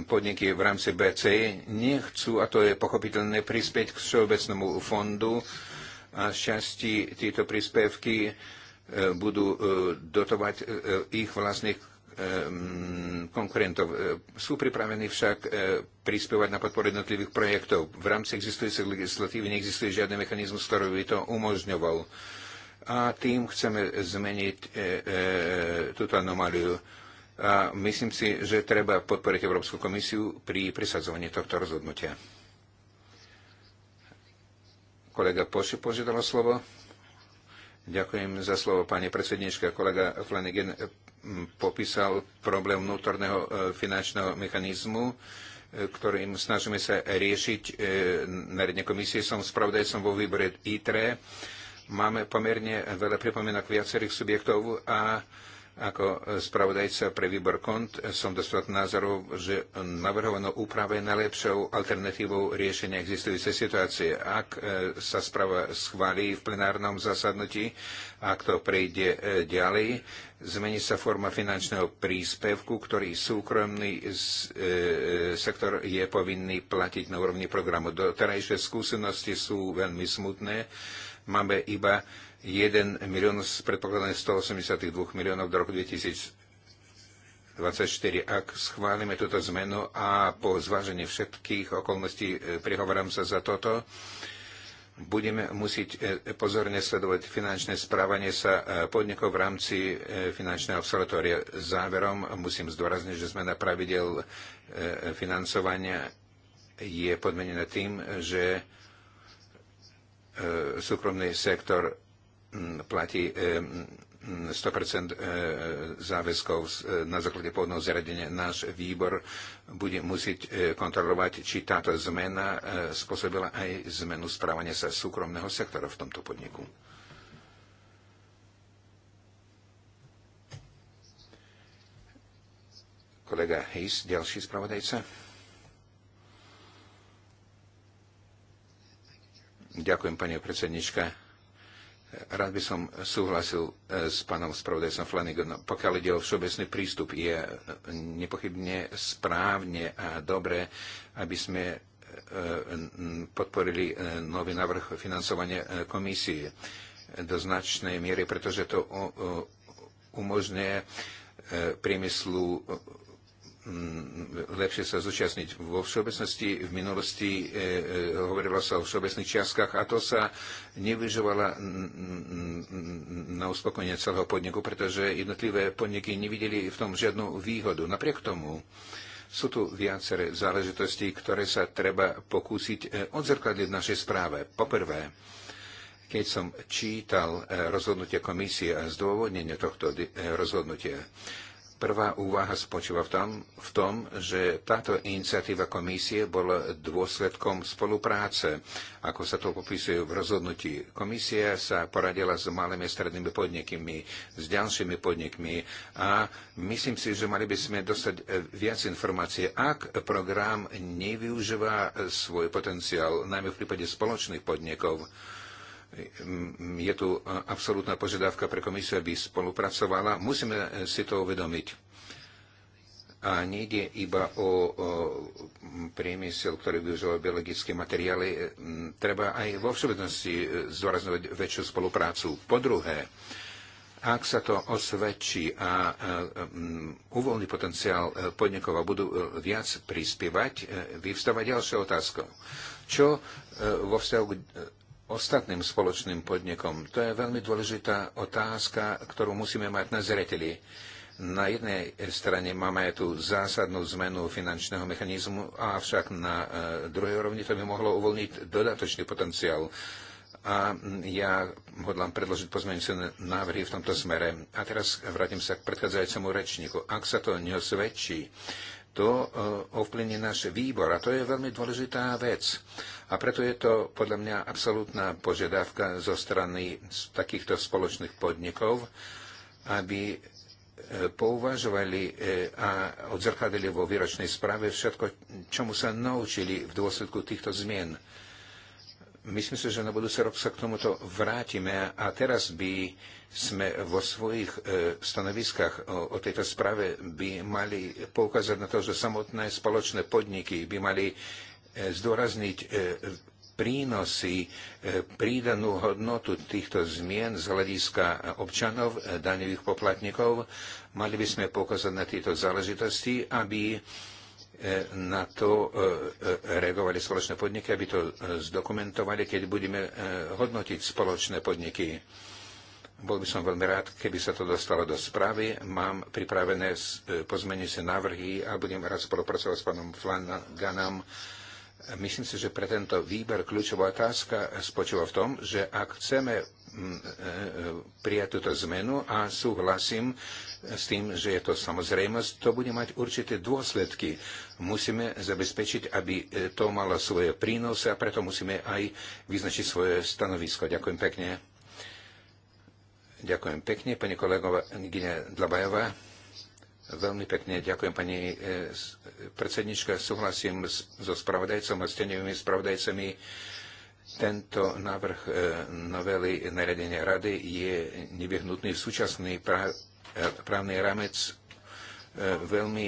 podniky v rámci BCI nechcú, a to je pochopiteľné, prispieť k Všeobecnému fondu a šťastí tieto príspevky budú dotovať ich vlastných Ehm, konkurentov. Ehm, sú pripravení však ehm, prispievať na podporu jednotlivých projektov. V rámci existujúcej legislatívy neexistuje žiadny mechanizmus, ktorý by to umožňoval. A tým chceme zmeniť e, e, túto anomáliu. A myslím si, že treba podporiť Európsku komisiu pri presadzovaní tohto rozhodnutia. Kolega Poši požiadala slovo. Ďakujem za slovo, pani predsednička. Kolega Flanagan popísal problém vnútorného e, finančného mechanizmu, e, ktorým snažíme sa riešiť e, na komisie. Som spravodajcom vo výbore ITRE. Máme pomerne veľa pripomienok viacerých subjektov a ako spravodajca pre výbor kont som dostal názorov, že navrhovanou úprave je najlepšou alternatívou riešenia existujúcej situácie. Ak e, sa správa schválí v plenárnom zasadnutí, ak to prejde e, ďalej, zmení sa forma finančného príspevku, ktorý súkromný e, sektor je povinný platiť na úrovni programu. Doterajšie skúsenosti sú veľmi smutné. Máme iba 1 milión z predpokladaných 182 miliónov do roku 2024. Ak schválime túto zmenu a po zvážení všetkých okolností e, prihovorám sa za toto, budeme musieť e, pozorne sledovať finančné správanie sa e, podnikov v rámci finančného observatória. Záverom musím zdôrazniť, že zmena pravidel financovania je podmenená tým, že súkromný sektor platí 100% e, e, záväzkov e, na základe pôvodného zariadenia. Náš výbor bude musieť kontrolovať, či táto zmena spôsobila aj zmenu správania sa súkromného sektora v tomto podniku. Kolega Hayes, ďalší spravodajca. Ďakujem, pani predsednička Rád by som súhlasil e, s pánom spravodajcom Flanagan. No, pokiaľ ide o všeobecný prístup, je nepochybne správne a dobré, aby sme e, podporili e, nový návrh financovania komisie do značnej miery, pretože to umožňuje priemyslu Mm, lepšie sa zúčastniť. Vo všeobecnosti v minulosti e, e hovorilo sa o všeobecných čiastkách a to sa nevyžovala na uspokojenie celého podniku, pretože jednotlivé podniky nevideli v tom žiadnu výhodu. Napriek tomu sú tu viaceré záležitosti, ktoré sa treba pokúsiť e, odzrkadliť v našej správe. Poprvé, keď som čítal e, rozhodnutie komisie a zdôvodnenie tohto rozhodnutia, Prvá úvaha spočíva v tom, v tom, že táto iniciatíva komisie bola dôsledkom spolupráce, ako sa to popisuje v rozhodnutí. Komisia sa poradila s malými a strednými podnikmi, s ďalšími podnikmi a myslím si, že mali by sme dostať viac informácie, ak program nevyužíva svoj potenciál, najmä v prípade spoločných podnikov. Mm, je tu e, absolútna požiadavka pre komisiu, aby spolupracovala. Musíme e, si to uvedomiť. A nejde iba o, o priemysel, ktorý využíva biologické materiály. E, treba aj vo všeobecnosti zdôrazňovať väčšiu spoluprácu. Po druhé, ak sa to osvedčí a uvoľní potenciál podnikov a budú viac prispievať, vyvstáva ďalšia otázka. Čo vo vzťahu k ostatným spoločným podnikom. To je veľmi dôležitá otázka, ktorú musíme mať na zreteli. Na jednej strane máme tú zásadnú zmenu finančného mechanizmu, avšak na e, druhej rovni to by mohlo uvoľniť dodatočný potenciál. A ja hodlám predložiť pozmeňujúce návrhy v tomto smere. A teraz vrátim sa k predchádzajúcemu rečníku. Ak sa to neosvedčí, to e, ovplyvní náš výbor. A to je veľmi dôležitá vec. A preto je to podľa mňa absolútna požiadavka zo strany takýchto spoločných podnikov, aby e, pouvažovali e, a odzrkadili vo výročnej správe všetko, čomu sa naučili v dôsledku týchto zmien. Myslím si, že na budúci rok sa k tomuto vrátime a teraz by sme vo svojich e, stanoviskách o tejto správe by mali poukázať na to, že samotné spoločné podniky by mali e, zdôrazniť e, prínosy, prídanú hodnotu týchto zmien z hľadiska občanov, daňových poplatníkov. Mali by sme poukázať na tieto záležitosti, aby na to reagovali spoločné podniky, aby to zdokumentovali, keď budeme hodnotiť spoločné podniky bol by som veľmi rád, keby sa to dostalo do správy. Mám pripravené e, pozmenujúce návrhy a budem rád spolupracovať s pánom Flanaganom. Myslím si, že pre tento výber kľúčová otázka spočíva v tom, že ak chceme mm, e, e, prijať túto zmenu a súhlasím s tým, že je to samozrejmosť, to bude mať určité dôsledky. Musíme zabezpečiť, aby to malo svoje prínosy a preto musíme aj vyznačiť svoje stanovisko. Ďakujem pekne. Ďakujem pekne, pani kolegova Gine Dlabajová. Veľmi pekne ďakujem, pani e, predsednička. Súhlasím so spravodajcom a stenovými spravodajcami. Tento návrh e, novely nariadenia rady je nevyhnutný v súčasný e, právny rámec veľmi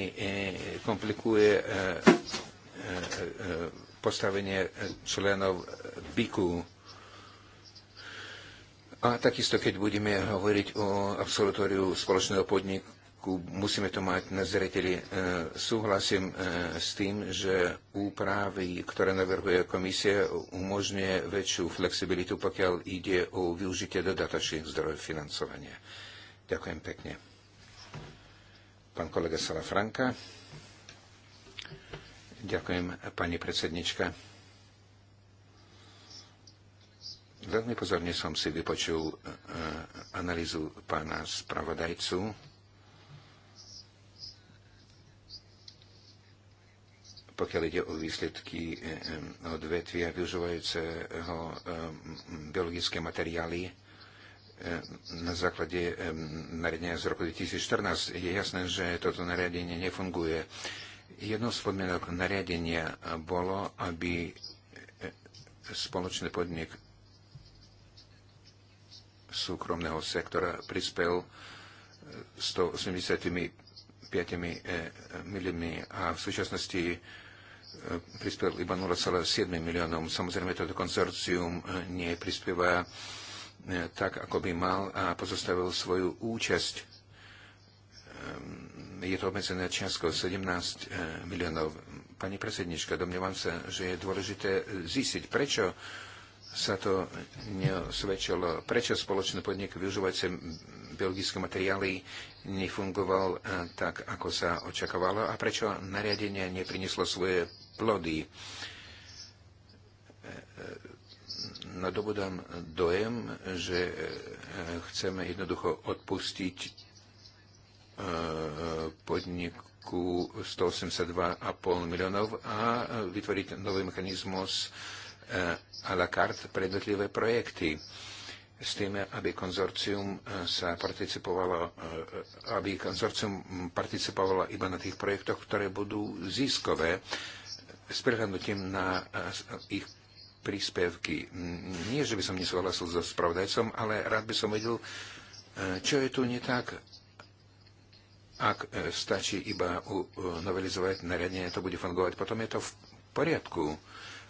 komplikuje postavenie členov BIKu a takisto, keď budeme hovoriť o absolutóriu spoločného podniku, musíme to mať na zreteli. E, súhlasím e, s tým, že úpravy, ktoré navrhuje komisia, umožňuje väčšiu flexibilitu, pokiaľ ide o využitie dodatočných zdrojov financovania. Ďakujem pekne. Pán kolega Salafranka. Ďakujem, pani predsednička. Veľmi pozorne som si vypočul e, e, analýzu pána spravodajcu. pokiaľ ide o výsledky e, odvetvia využívajúceho biologické materiály na základe nariadenia z roku 2014. Je jasné, že toto nariadenie nefunguje. Jednou z podmienok nariadenia bolo, aby spoločný podnik súkromného sektora prispel 185 eh, eh, miliónmi a v súčasnosti eh, prispel iba 0,7 miliónom. Samozrejme, toto konzorcium neprispieva tak, ako by mal a pozostavil svoju účasť. Ehm, je to obmedzené čiastkou 17 miliónov. Pani predsednička, domnievam sa, že je dôležité zistiť, prečo sa to neosvedčilo. Prečo spoločný podnik využívajúce biologické materiály nefungoval eh, tak, ako sa očakávalo a prečo nariadenie neprinieslo svoje plody? Eh, eh, Nadobudám no, dojem, že chceme jednoducho odpustiť podniku 182,5 miliónov a vytvoriť nový mechanizmus a la carte pre jednotlivé projekty s tým, aby konzorcium eh, sa participovalo, eh, aby konzorcium participovalo iba na tých projektoch, ktoré budú ziskové s prehľadnutím na eh, ich príspevky. Nie, že by som nesúhlasil so spravodajcom, ale rád by som vedel, čo je tu nie tak, ak stačí iba novelizovať nariadenie, to bude fungovať. Potom je to v poriadku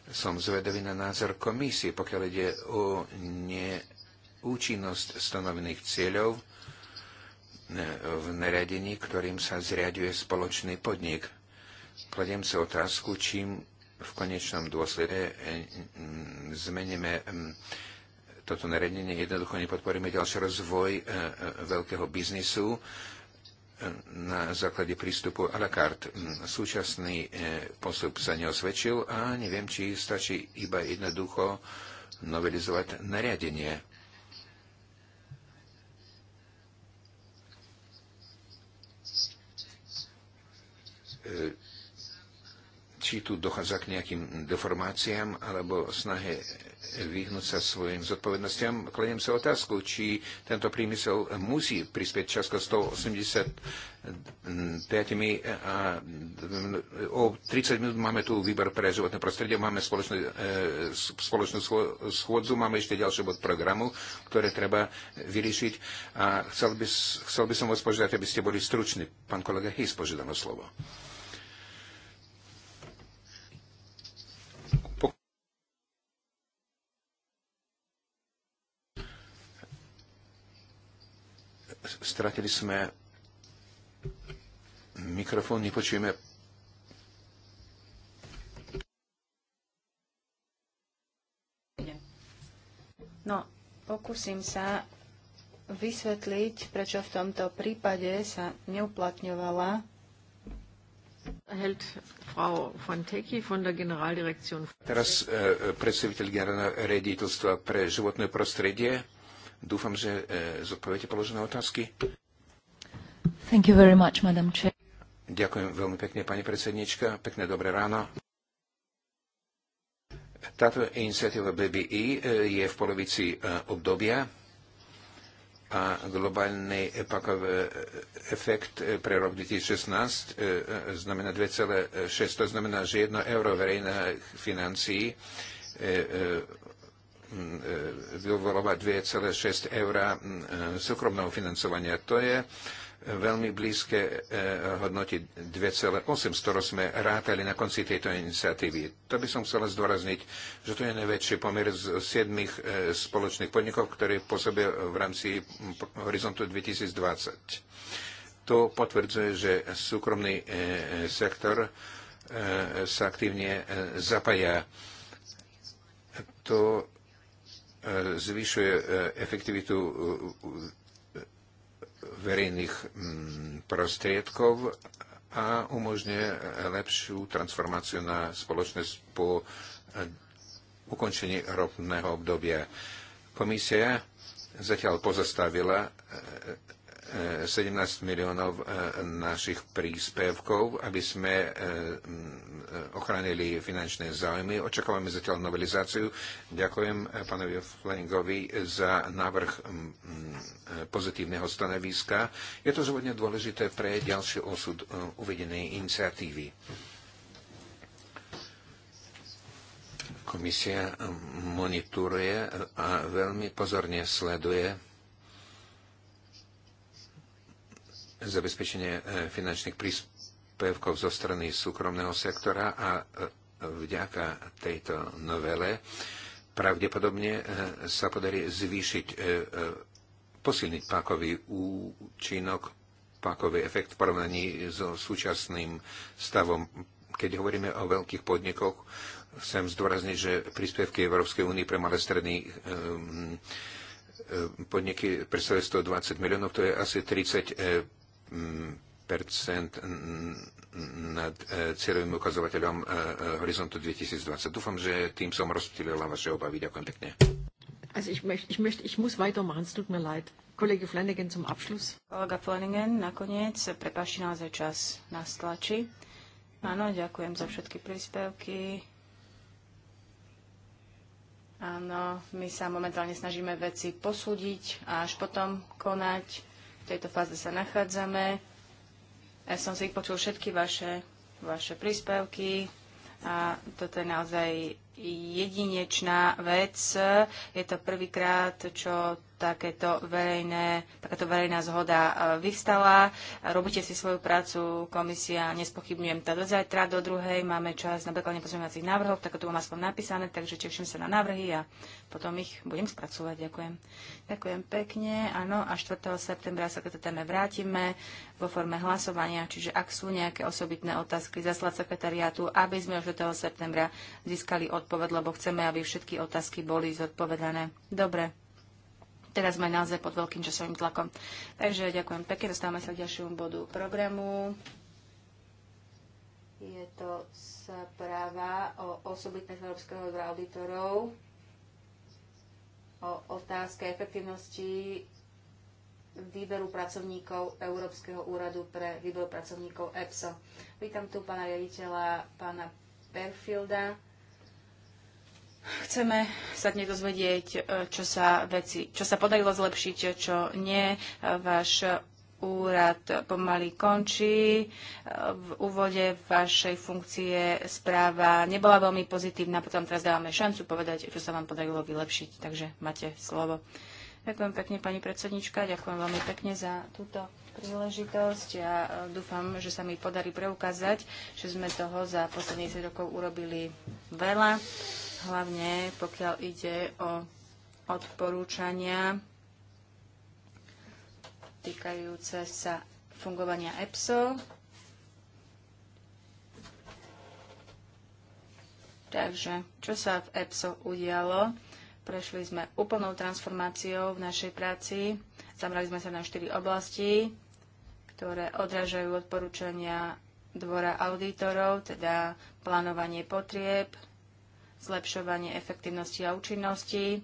som zvedavý na názor komisie, pokiaľ ide o neúčinnosť stanovených cieľov e, v nariadení, ktorým sa zriaduje spoločný podnik. Kladiem sa otázku, čím v konečnom dôsledku e, zmeníme toto nariadenie, jednoducho nepodporíme ďalší rozvoj e, veľkého biznisu, na základe prístupu a la carte. Mm, súčasný e, postup sa neosvedčil a neviem, či stačí iba jednoducho novelizovať nariadenie. E, či tu dochádza k nejakým deformáciám alebo snahe vyhnúť sa svojim zodpovednostiam. Kladiem sa otázku, či tento prímysel musí prispieť časko 185 a o 30 minút máme tu výbor pre životné prostredie, máme spoločnú, e, spoločnú schôdzu, máme ešte ďalší bod programu, ktoré treba vyriešiť a chcel by, chcel by som vás požiadať, aby ste boli struční. Pán kolega Hys požiadal slovo. Stratili sme mikrofón, nepočujeme No, pokúsim sa vysvetliť, prečo v tomto prípade sa neuplatňovala Teraz eh, predstaviteľ generálneho rediteľstva pre životné prostredie Dúfam, že e, zodpoviete položené otázky. Thank you very much, Madam Chair. Ďakujem veľmi pekne, pani predsednička. Pekné dobré ráno. Táto iniciatíva BBI e, je v polovici e, obdobia a globálny e, pakov efekt pre rok 2016 znamená 2,6. To znamená, že jedno euro verejných financií vyvolovať 2,6 eur súkromného financovania. To je veľmi blízke e, hodnote 2,8, z ktorou sme rátali na konci tejto iniciatívy. To by som chcel zdôrazniť, že to je najväčší pomer z siedmých e, spoločných podnikov, ktoré pôsobia v rámci horizontu 2020. To potvrdzuje, že súkromný e, sektor sa aktívne zapája. To zvyšuje e, efektivitu e, e, verejných mm, prostriedkov a umožňuje lepšiu transformáciu na spoločnosť po ukončení ropného obdobia. Komisia zatiaľ pozastavila 17 miliónov e, našich príspevkov, aby sme e, e, ochránili finančné záujmy. Očakávame zatiaľ novelizáciu. Ďakujem pánovi Flengovi za návrh pozitívneho stanoviska. Je to zhodne dôležité pre ďalší osud uvedenej iniciatívy. Komisia monitoruje a veľmi pozorne sleduje zabezpečenie e, finančných príspevkov zo strany súkromného sektora a e, vďaka tejto novele pravdepodobne e, sa podarí zvýšiť, posilniť pákový účinok, pákový efekt v porovnaní so súčasným stavom. Keď hovoríme o veľkých podnikoch, chcem zdôrazniť, že príspevky Európskej únie pre malé stredy podniky predstavuje 120 miliónov, to je asi 30 percent nad e, cieľovým ukazovateľom e, e, Horizontu 2020. Dúfam, že tým som rozptýlila vaše obavy. Ďakujem pekne. Also ich möchte, ich möchte, ich muss weitermachen, es tut mir leid. Kollege Flanagan zum Abschluss. Kollege Flanagan, nakoniec, nás aj čas na stlači. Áno, ďakujem za všetky príspevky. Áno, my sa momentálne snažíme veci posúdiť a až potom konať. V tejto fáze sa nachádzame. Ja som si počul všetky vaše, vaše príspevky a toto je naozaj jedinečná vec. Je to prvýkrát, čo takéto verejné, takáto verejná zhoda e, vyvstala. Robíte si svoju prácu, komisia, nespochybňujem to do zajtra, do druhej. Máme čas na preklade pozmeňovacích návrhov, tak to mám aspoň napísané, takže teším sa na návrhy a potom ich budem spracovať. Ďakujem. Ďakujem pekne. Áno, a 4. septembra sa k téme vrátime vo forme hlasovania, čiže ak sú nejaké osobitné otázky, zaslať sekretariátu, aby sme 4. septembra získali od odpoveď, lebo chceme, aby všetky otázky boli zodpovedané. Dobre. Teraz sme naozaj pod veľkým časovým tlakom. Takže ďakujem pekne. Dostávame sa k ďalšiemu bodu programu. Je to správa o osobitných Európskeho dvora auditorov o otázke efektivnosti výberu pracovníkov Európskeho úradu pre výber pracovníkov EPSO. Vítam tu pána riaditeľa, pána Perfielda. Chceme sa dnes dozvedieť, e, čo sa, veci, čo sa podarilo zlepšiť, čo nie. E, Váš úrad pomaly končí. E, v úvode vašej funkcie správa nebola veľmi pozitívna, potom teraz dávame šancu povedať, čo sa vám podarilo vylepšiť. Takže máte slovo. Ďakujem pekne, pani predsednička. Ďakujem veľmi pekne za túto príležitosť. Ja dúfam, že sa mi podarí preukázať, že sme toho za posledných rokov urobili veľa hlavne pokiaľ ide o odporúčania týkajúce sa fungovania EPSO. Takže, čo sa v EPSO udialo? Prešli sme úplnou transformáciou v našej práci. Zamrali sme sa na štyri oblasti, ktoré odrážajú odporúčania dvora auditorov, teda plánovanie potrieb, zlepšovanie efektivnosti a účinnosti,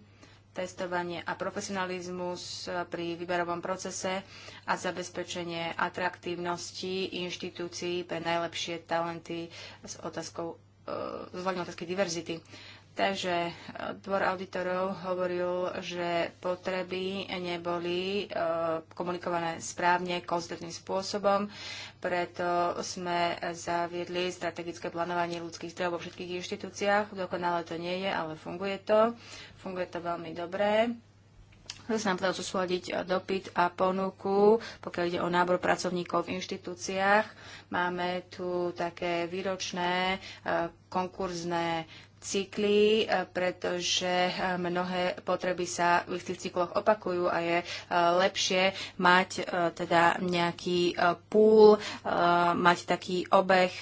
testovanie a profesionalizmus eh, pri výberovom procese a zabezpečenie atraktívnosti inštitúcií pre najlepšie talenty s otázkou zvolené eh, otázky diverzity. Takže e, dvor auditorov hovoril, že potreby neboli e, komunikované správne, konzistentným spôsobom, preto sme zaviedli strategické plánovanie ľudských zdrojov vo všetkých inštitúciách. Dokonale to nie je, ale funguje to. Funguje to veľmi dobre. Chcel sa nám podarilo teda súsladiť e, dopyt a ponuku, pokiaľ ide o nábor pracovníkov v inštitúciách. Máme tu také výročné konkurzné cykly, e, pretože e, mnohé potreby sa v tých cykloch opakujú a je e, lepšie mať teda nejaký púl, mať taký obeh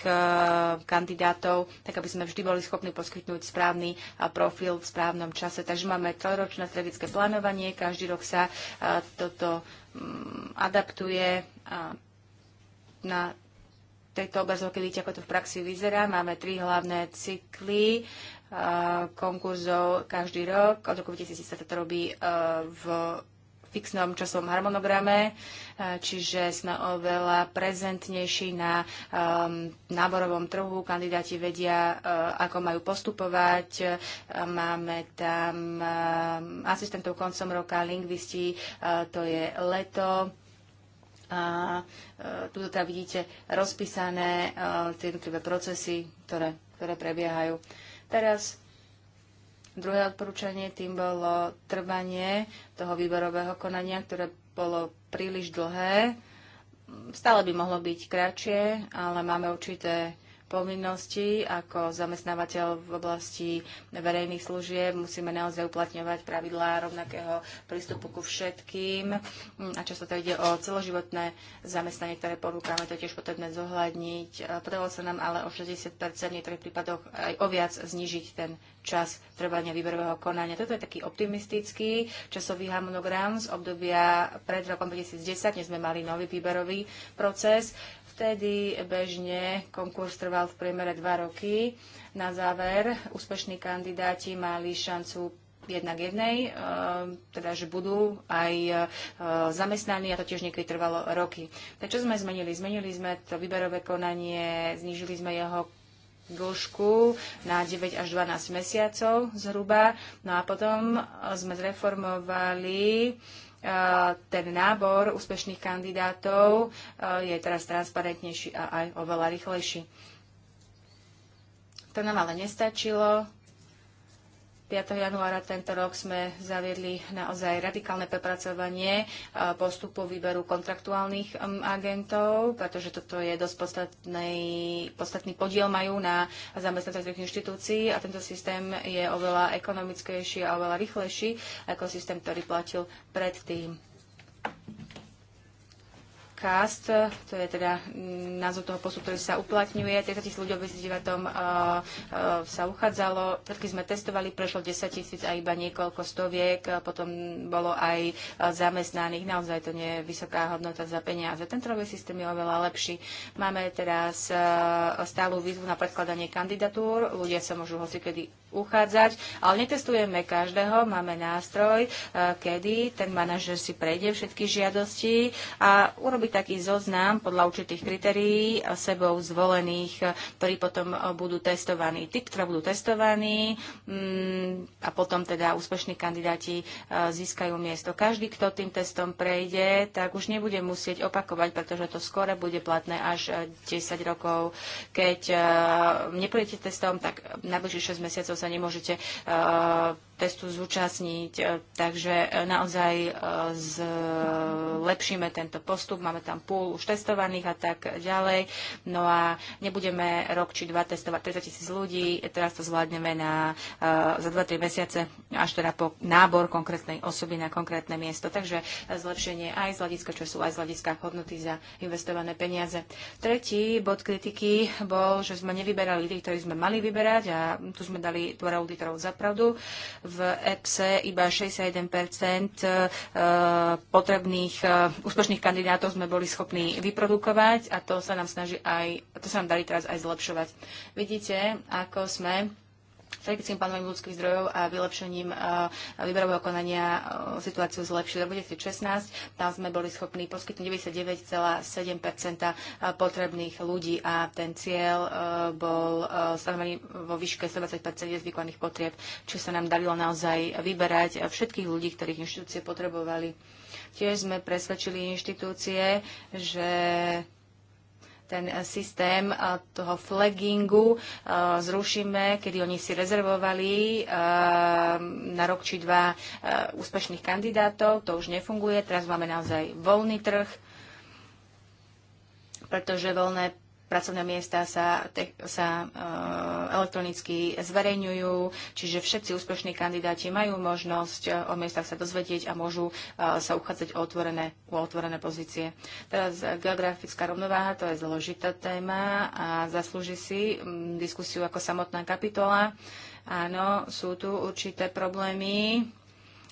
kandidátov, tak aby sme vždy boli schopní poskytnúť správny profil v správnom čase. Takže máme trojročné strategické plánovanie, každý rok sa toto mm, adaptuje na tejto obrazovke vidíte, ako to v praxi vyzerá. Máme tri hlavné cykly konkurzov každý rok. Od roku 2010 sa to robí e, v fixnom časovom harmonograme, e, čiže sme oveľa prezentnejší na um, náborovom trhu. Kandidáti vedia, uh, ako majú postupovať. Máme tam um, asistentov koncom roka, lingvisti, uh, to je leto a e, tu teda vidíte rozpísané e, tie jednotlivé procesy, ktoré, ktoré prebiehajú. Teraz druhé odporúčanie tým bolo trvanie toho výborového konania, ktoré bolo príliš dlhé. Stále by mohlo byť kratšie, ale máme určité povinnosti ako zamestnávateľ v oblasti verejných služieb. Musíme naozaj uplatňovať pravidlá rovnakého prístupu ku všetkým. Mm, a často to ide o celoživotné zamestnanie, ktoré porúkame, to je tiež potrebné zohľadniť. E, Podalo sa nám ale o 60 v niektorých prípadoch aj o viac znižiť ten čas trvania výberového konania. Toto je taký optimistický časový harmonogram z obdobia pred rokom 2010, kde sme mali nový výberový proces. Vtedy bežne konkurs trval v priemere 2 roky. Na záver úspešní kandidáti mali šancu jednak jednej, e, teda že budú aj e, zamestnaní a to tiež niekedy trvalo roky. Tak čo sme zmenili? Zmenili sme to výberové konanie, znížili sme jeho dĺžku na 9 až 12 mesiacov zhruba. No a potom e, sme zreformovali ten nábor úspešných kandidátov je teraz transparentnejší a aj oveľa rýchlejší. To nám ale nestačilo 5. januára tento rok sme zaviedli naozaj radikálne prepracovanie e, postupu výberu kontraktuálnych agentov, pretože toto je dosť podstatný, podstatný podiel majú na zamestnancových inštitúcií a tento systém je oveľa ekonomickejší a oveľa rýchlejší ako systém, ktorý platil predtým. CAST, to je teda mm, názov toho postupu, ktorý sa uplatňuje. 10 tisíc ľudí s 2009 sa uchádzalo. Všetky sme testovali, prešlo 10 tisíc a iba niekoľko stoviek. Potom bolo aj zamestnaných. Naozaj to nie je vysoká hodnota za peniaze. Ten trhový systém je oveľa lepší. Máme teraz stálu výzvu na predkladanie kandidatúr. Ľudia sa môžu hoci kedy uchádzať, ale netestujeme každého. Máme nástroj, kedy ten manažer si prejde všetky žiadosti a urobí taký zoznam podľa určitých kritérií sebou zvolených, eh, ktorí potom eh, budú testovaní. Tí, ktorí budú testovaní mm, a potom teda úspešní kandidáti eh, získajú miesto. Každý, kto tým testom prejde, tak už nebude musieť opakovať, pretože to skore bude platné až 10 rokov. Keď neprejdete testom, tak najbližších 6 mesiacov sa nemôžete testu zúčastniť. E, takže e, naozaj e, zlepšíme tento postup. Máme tam púl už testovaných a tak ďalej. No a nebudeme rok či dva testovať 30 tisíc ľudí. Teraz to zvládneme na, za 2-3 mesiace až teda po nábor konkrétnej osoby na konkrétne miesto. Takže zlepšenie aj z hľadiska času, aj z hľadiska hodnoty za investované peniaze. Tretí bod kritiky bol, že sme nevyberali tých, ktorých sme mali vyberať a tu sme dali dvora auditorov za pravdu v EPSE iba 61 e, potrebných e, úspešných kandidátov sme boli schopní vyprodukovať a to sa nám snaží aj, to sa nám darí teraz aj zlepšovať. Vidíte, ako sme strategickým plánovaním ľudských zdrojov a vylepšením výberového konania situáciu zlepšiť. V roku 2016 tam sme boli schopní poskytnúť 99,7 potrebných ľudí a ten cieľ bol stanovený vo výške 120 zvyklených potrieb, čo sa nám darilo naozaj vyberať všetkých ľudí, ktorých inštitúcie potrebovali. Tiež sme presvedčili inštitúcie, že ten eh, systém eh, toho flaggingu eh, zrušíme, kedy oni si rezervovali na rok či dva úspešných kandidátov. To už nefunguje. Teraz máme naozaj voľný trh pretože voľné pracovné miesta sa, te, sa e, elektronicky zverejňujú, čiže všetci úspešní kandidáti majú možnosť e, o miestach sa dozvedieť a môžu e, sa uchádzať o otvorené, o otvorené pozície. Teraz e, geografická rovnováha, to je zložitá téma a zaslúži si m, diskusiu ako samotná kapitola. Áno, sú tu určité problémy,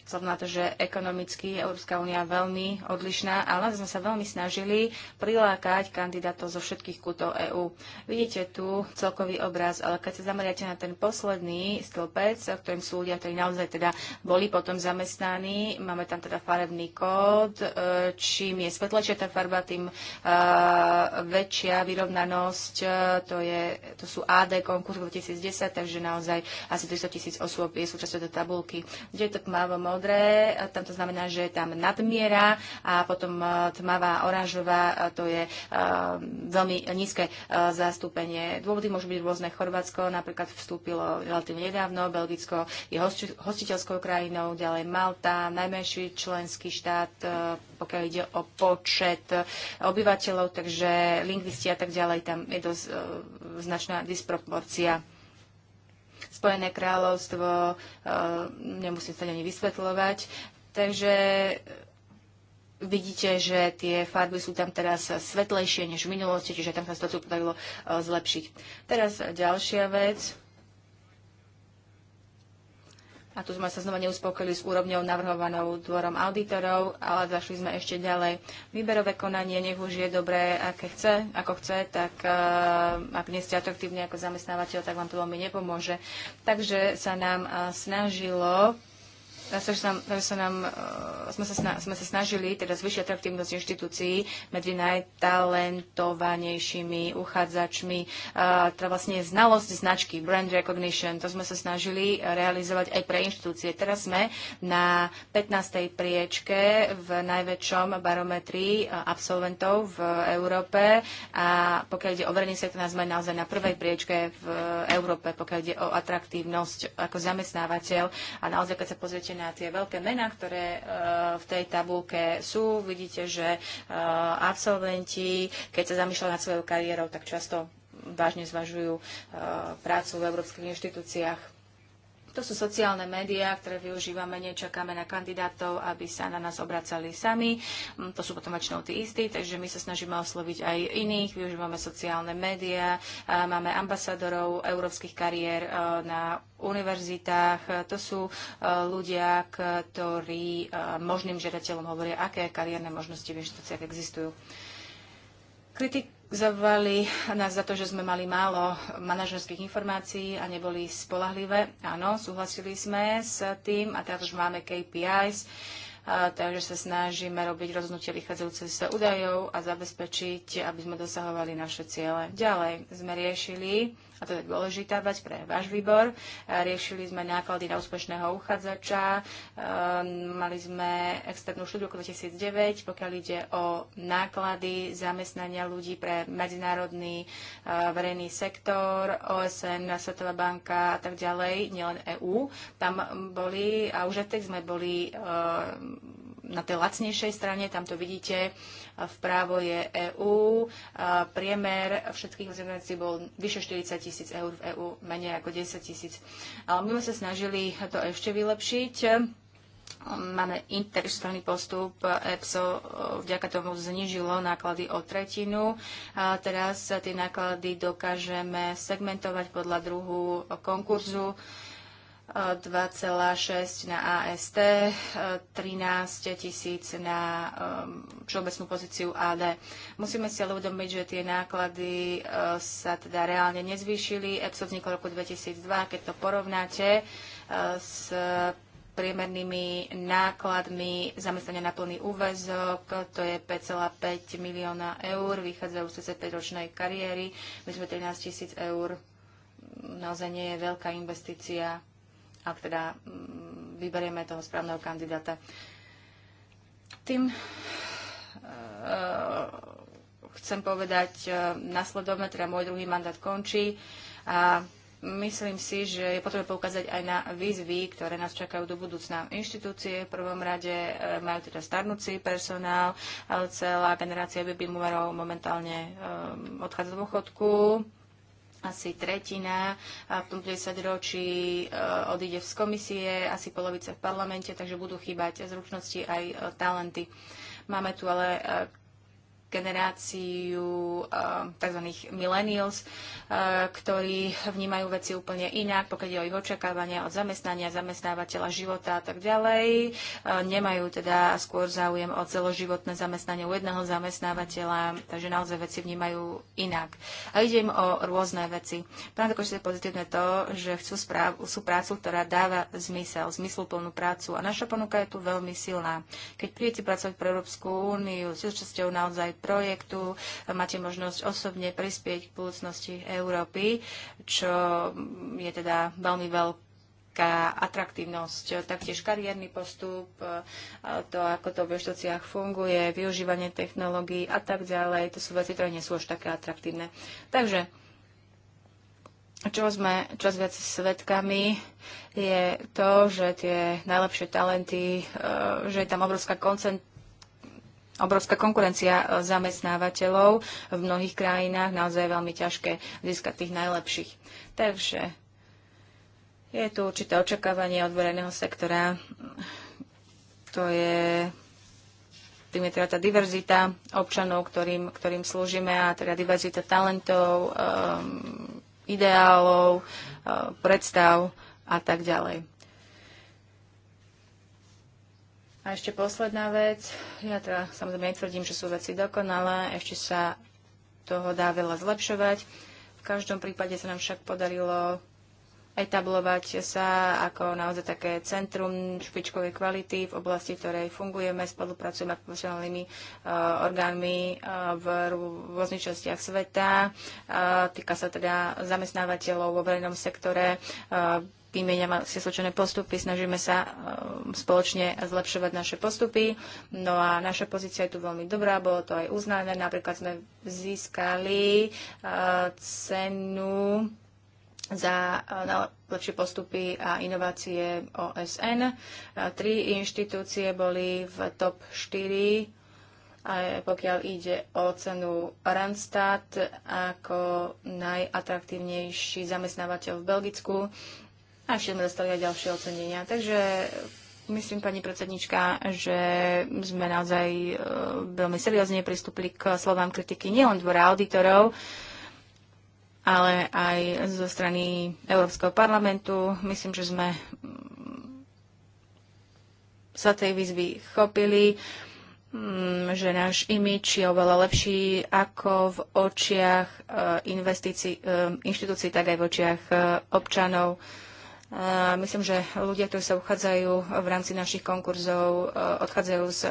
vzhľadom na to, že ekonomicky Európska únia veľmi odlišná, ale sme sa veľmi snažili prilákať kandidátov zo všetkých kútov EÚ. Vidíte tu celkový obraz, ale keď sa zameriate na ten posledný stĺpec, v ktorým sú ľudia, ktorí naozaj teda boli potom zamestnaní, máme tam teda farebný kód, e, čím je svetlejšia tá farba, tým e, väčšia vyrovnanosť, e, to, je, to sú AD konkurs 2010, takže naozaj asi 300 tisíc osôb je súčasťou tej tabulky. Kde je to tmavo modré, tam to znamená, že je tam nadmiera a potom e, tmavá oranžová, e, to je e, veľmi nízke zastúpenie. Dôvody môžu byť rôzne. Chorvátsko napríklad vstúpilo relatívne nedávno, Belgicko je hostiteľskou krajinou, ďalej Malta, najmenší členský štát, pokiaľ ide o počet obyvateľov, takže lingvisti a tak ďalej, tam je dosť značná disproporcia. Spojené kráľovstvo, e, nemusím sa ani vysvetľovať. Takže vidíte, že tie farby sú tam teraz svetlejšie než v minulosti, čiže tam sa to podarilo e, zlepšiť. Teraz ďalšia vec a tu sme sa znova neuspokojili s úrovňou navrhovanou dvorom auditorov, ale zašli sme ešte ďalej. Výberové konanie, nech už je dobré, aké chce, ako chce, tak e, ak nie ste atraktívni ako zamestnávateľ, tak vám to veľmi nepomôže. Takže sa nám e, snažilo nám, sa nám, e, sme, sa sna, sme sa snažili teda zvyšiť atraktívnosť inštitúcií medzi najtalentovanejšími uchádzačmi, uh, teda vlastne znalosť značky, brand recognition, to sme sa snažili e, realizovať aj pre inštitúcie. Teraz sme na 15. priečke v najväčšom barometri absolventov v Európe a pokiaľ ide o verejný sektor, sme naozaj na prvej priečke v Európe, pokiaľ ide o atraktívnosť ako zamestnávateľ a naozaj, keď sa pozriete na tie veľké mená, ktoré e, v tej tabulke sú. Vidíte, že e, absolventi, keď sa zamýšľajú nad svojou kariérou, tak často vážne zvažujú e, prácu v európskych inštitúciách. To sú sociálne médiá, ktoré využívame, nečakáme na kandidátov, aby sa na nás obracali sami. Mm, to sú potom väčšinou tí istí, takže my sa snažíme osloviť aj iných, využívame sociálne médiá, máme ambasadorov európskych kariér e, na univerzitách. E, to sú e, ľudia, ktorí možným žiadateľom hovoria, aké kariérne možnosti v inštitúciách existujú. Kritik Zavali nás za to, že sme mali málo manažerských informácií a neboli spolahlivé. Áno, súhlasili sme s tým a teraz už máme KPIs, takže sa snažíme robiť rozhodnutie vychádzajúce z údajov a zabezpečiť, aby sme dosahovali naše ciele. Ďalej sme riešili a to je dôležitá vec pre váš výbor. E, riešili sme náklady na úspešného uchádzača, e, mali sme externú štúdiu roku 2009, pokiaľ ide o náklady zamestnania ľudí pre medzinárodný e, verejný sektor, OSN, Svetová banka a tak ďalej, nielen EÚ. Tam boli, a už aj tak sme boli na tej lacnejšej strane, tam to vidíte, vpravo je EÚ. Priemer všetkých organizácií bol vyše 40 tisíc eur v EÚ, menej ako 10 tisíc. Ale my sme sa snažili to ešte vylepšiť. Máme interštálny postup. EPSO vďaka tomu znižilo náklady o tretinu. A teraz tie náklady dokážeme segmentovať podľa druhu konkurzu. Mm-hmm 2,6 na AST, 13 eh, tisíc na ehm, všeobecnú pozíciu AD. Musíme si ale uvedomiť, že tie náklady eh, sa teda reálne nezvýšili. EPSO vzniklo v roku 2002, keď to porovnáte eh, s priemernými nákladmi zamestnania na plný úvezok, to je 5,5 milióna eur, vychádzajú z 35 ročnej kariéry. My sme 13 tisíc eur, naozaj nie je veľká investícia ak teda mm, vyberieme toho správneho kandidáta. Tým e, e, chcem povedať e, nasledovne, teda môj druhý mandát končí a myslím si, že je potrebné poukázať aj na výzvy, ktoré nás čakajú do budúcna. Inštitúcie v prvom rade majú teda starnúci personál, ale celá generácia by momentálne momentálne odchádza do dôchodku asi tretina a v tom 10 ročí e, odíde z komisie, asi polovica v parlamente, takže budú chýbať zručnosti aj e, talenty. Máme tu ale e, generáciu eh, tzv. millennials, eh, ktorí vnímajú veci úplne inak, pokiaľ ide o ich očakávania od zamestnania, zamestnávateľa, života a tak ďalej. Eh, nemajú teda skôr záujem o celoživotné zamestnanie u jedného zamestnávateľa, takže naozaj veci vnímajú inak. A ide im o rôzne veci. Pán Dokoš, je akože pozitívne to, že chcú správ, sú prácu, ktorá dáva zmysel, zmysluplnú prácu. A naša ponuka je tu veľmi silná. Keď prídete pracovať pre Európsku úniu, s časťou naozaj projektu, máte možnosť osobne prispieť k budúcnosti Európy, čo je teda veľmi veľké atraktívnosť, taktiež kariérny postup, e, to, ako to v reštauráciách funguje, využívanie technológií a tak ďalej. To sú veci, ktoré nie sú už také atraktívne. Takže čo sme čas viac svetkami, je to, že tie najlepšie talenty, e, že je tam obrovská koncentrácia obrovská konkurencia e, zamestnávateľov v mnohých krajinách, naozaj veľmi ťažké získať tých najlepších. Takže je tu určité očakávanie od verejného sektora. To je tým je teda tá diverzita občanov, ktorým, ktorým slúžime a teda diverzita talentov, um, ideálov, um, predstav a tak ďalej. A ešte posledná vec. Ja teda samozrejme netvrdím, že sú veci dokonalé. Ešte sa toho dá veľa zlepšovať. V každom prípade sa nám však podarilo etablovať sa ako naozaj také centrum špičkovej kvality v oblasti, v ktorej fungujeme, spolupracujeme s profesionálnymi uh, orgánmi uh, v rôznych častiach sveta. Uh, týka sa teda zamestnávateľov vo verejnom sektore, vymieňame si slučené postupy, snažíme sa um, spoločne zlepšovať naše postupy. No a naša pozícia je tu veľmi dobrá, bolo to aj uznané. Napríklad sme získali uh, cenu za uh, najlepšie postupy a inovácie OSN. Uh, tri inštitúcie boli v top 4 a pokiaľ ide o cenu Randstad ako najatraktívnejší zamestnávateľ v Belgicku a ešte sme dostali aj ďalšie ocenenia. Takže myslím, pani predsednička, že sme naozaj e, veľmi seriózne pristúpili k slovám kritiky nielen dvora auditorov, ale aj zo strany Európskeho parlamentu. Myslím, že sme mm, sa tej výzvy chopili, mm, že náš imič je oveľa lepší ako v očiach e, investícií, e, inštitúcií, tak aj v očiach občanov myslím, že ľudia, ktorí sa uchádzajú v rámci našich konkurzov, e, odchádzajú s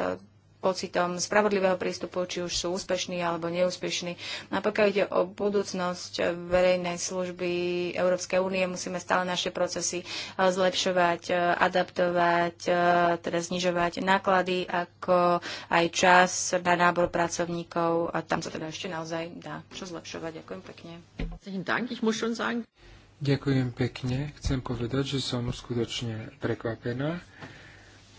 pocitom spravodlivého prístupu, či už sú úspešní alebo neúspešní. No a pokiaľ ide o budúcnosť verejnej služby Európskej únie, musíme stále naše procesy e, zlepšovať, e, adaptovať, teda znižovať náklady, ako aj čas na nábor pracovníkov. A tam sa teda ešte naozaj dá čo zlepšovať. Ďakujem pekne. Ďakujem pekne. Chcem povedať, že som skutočne prekvapená.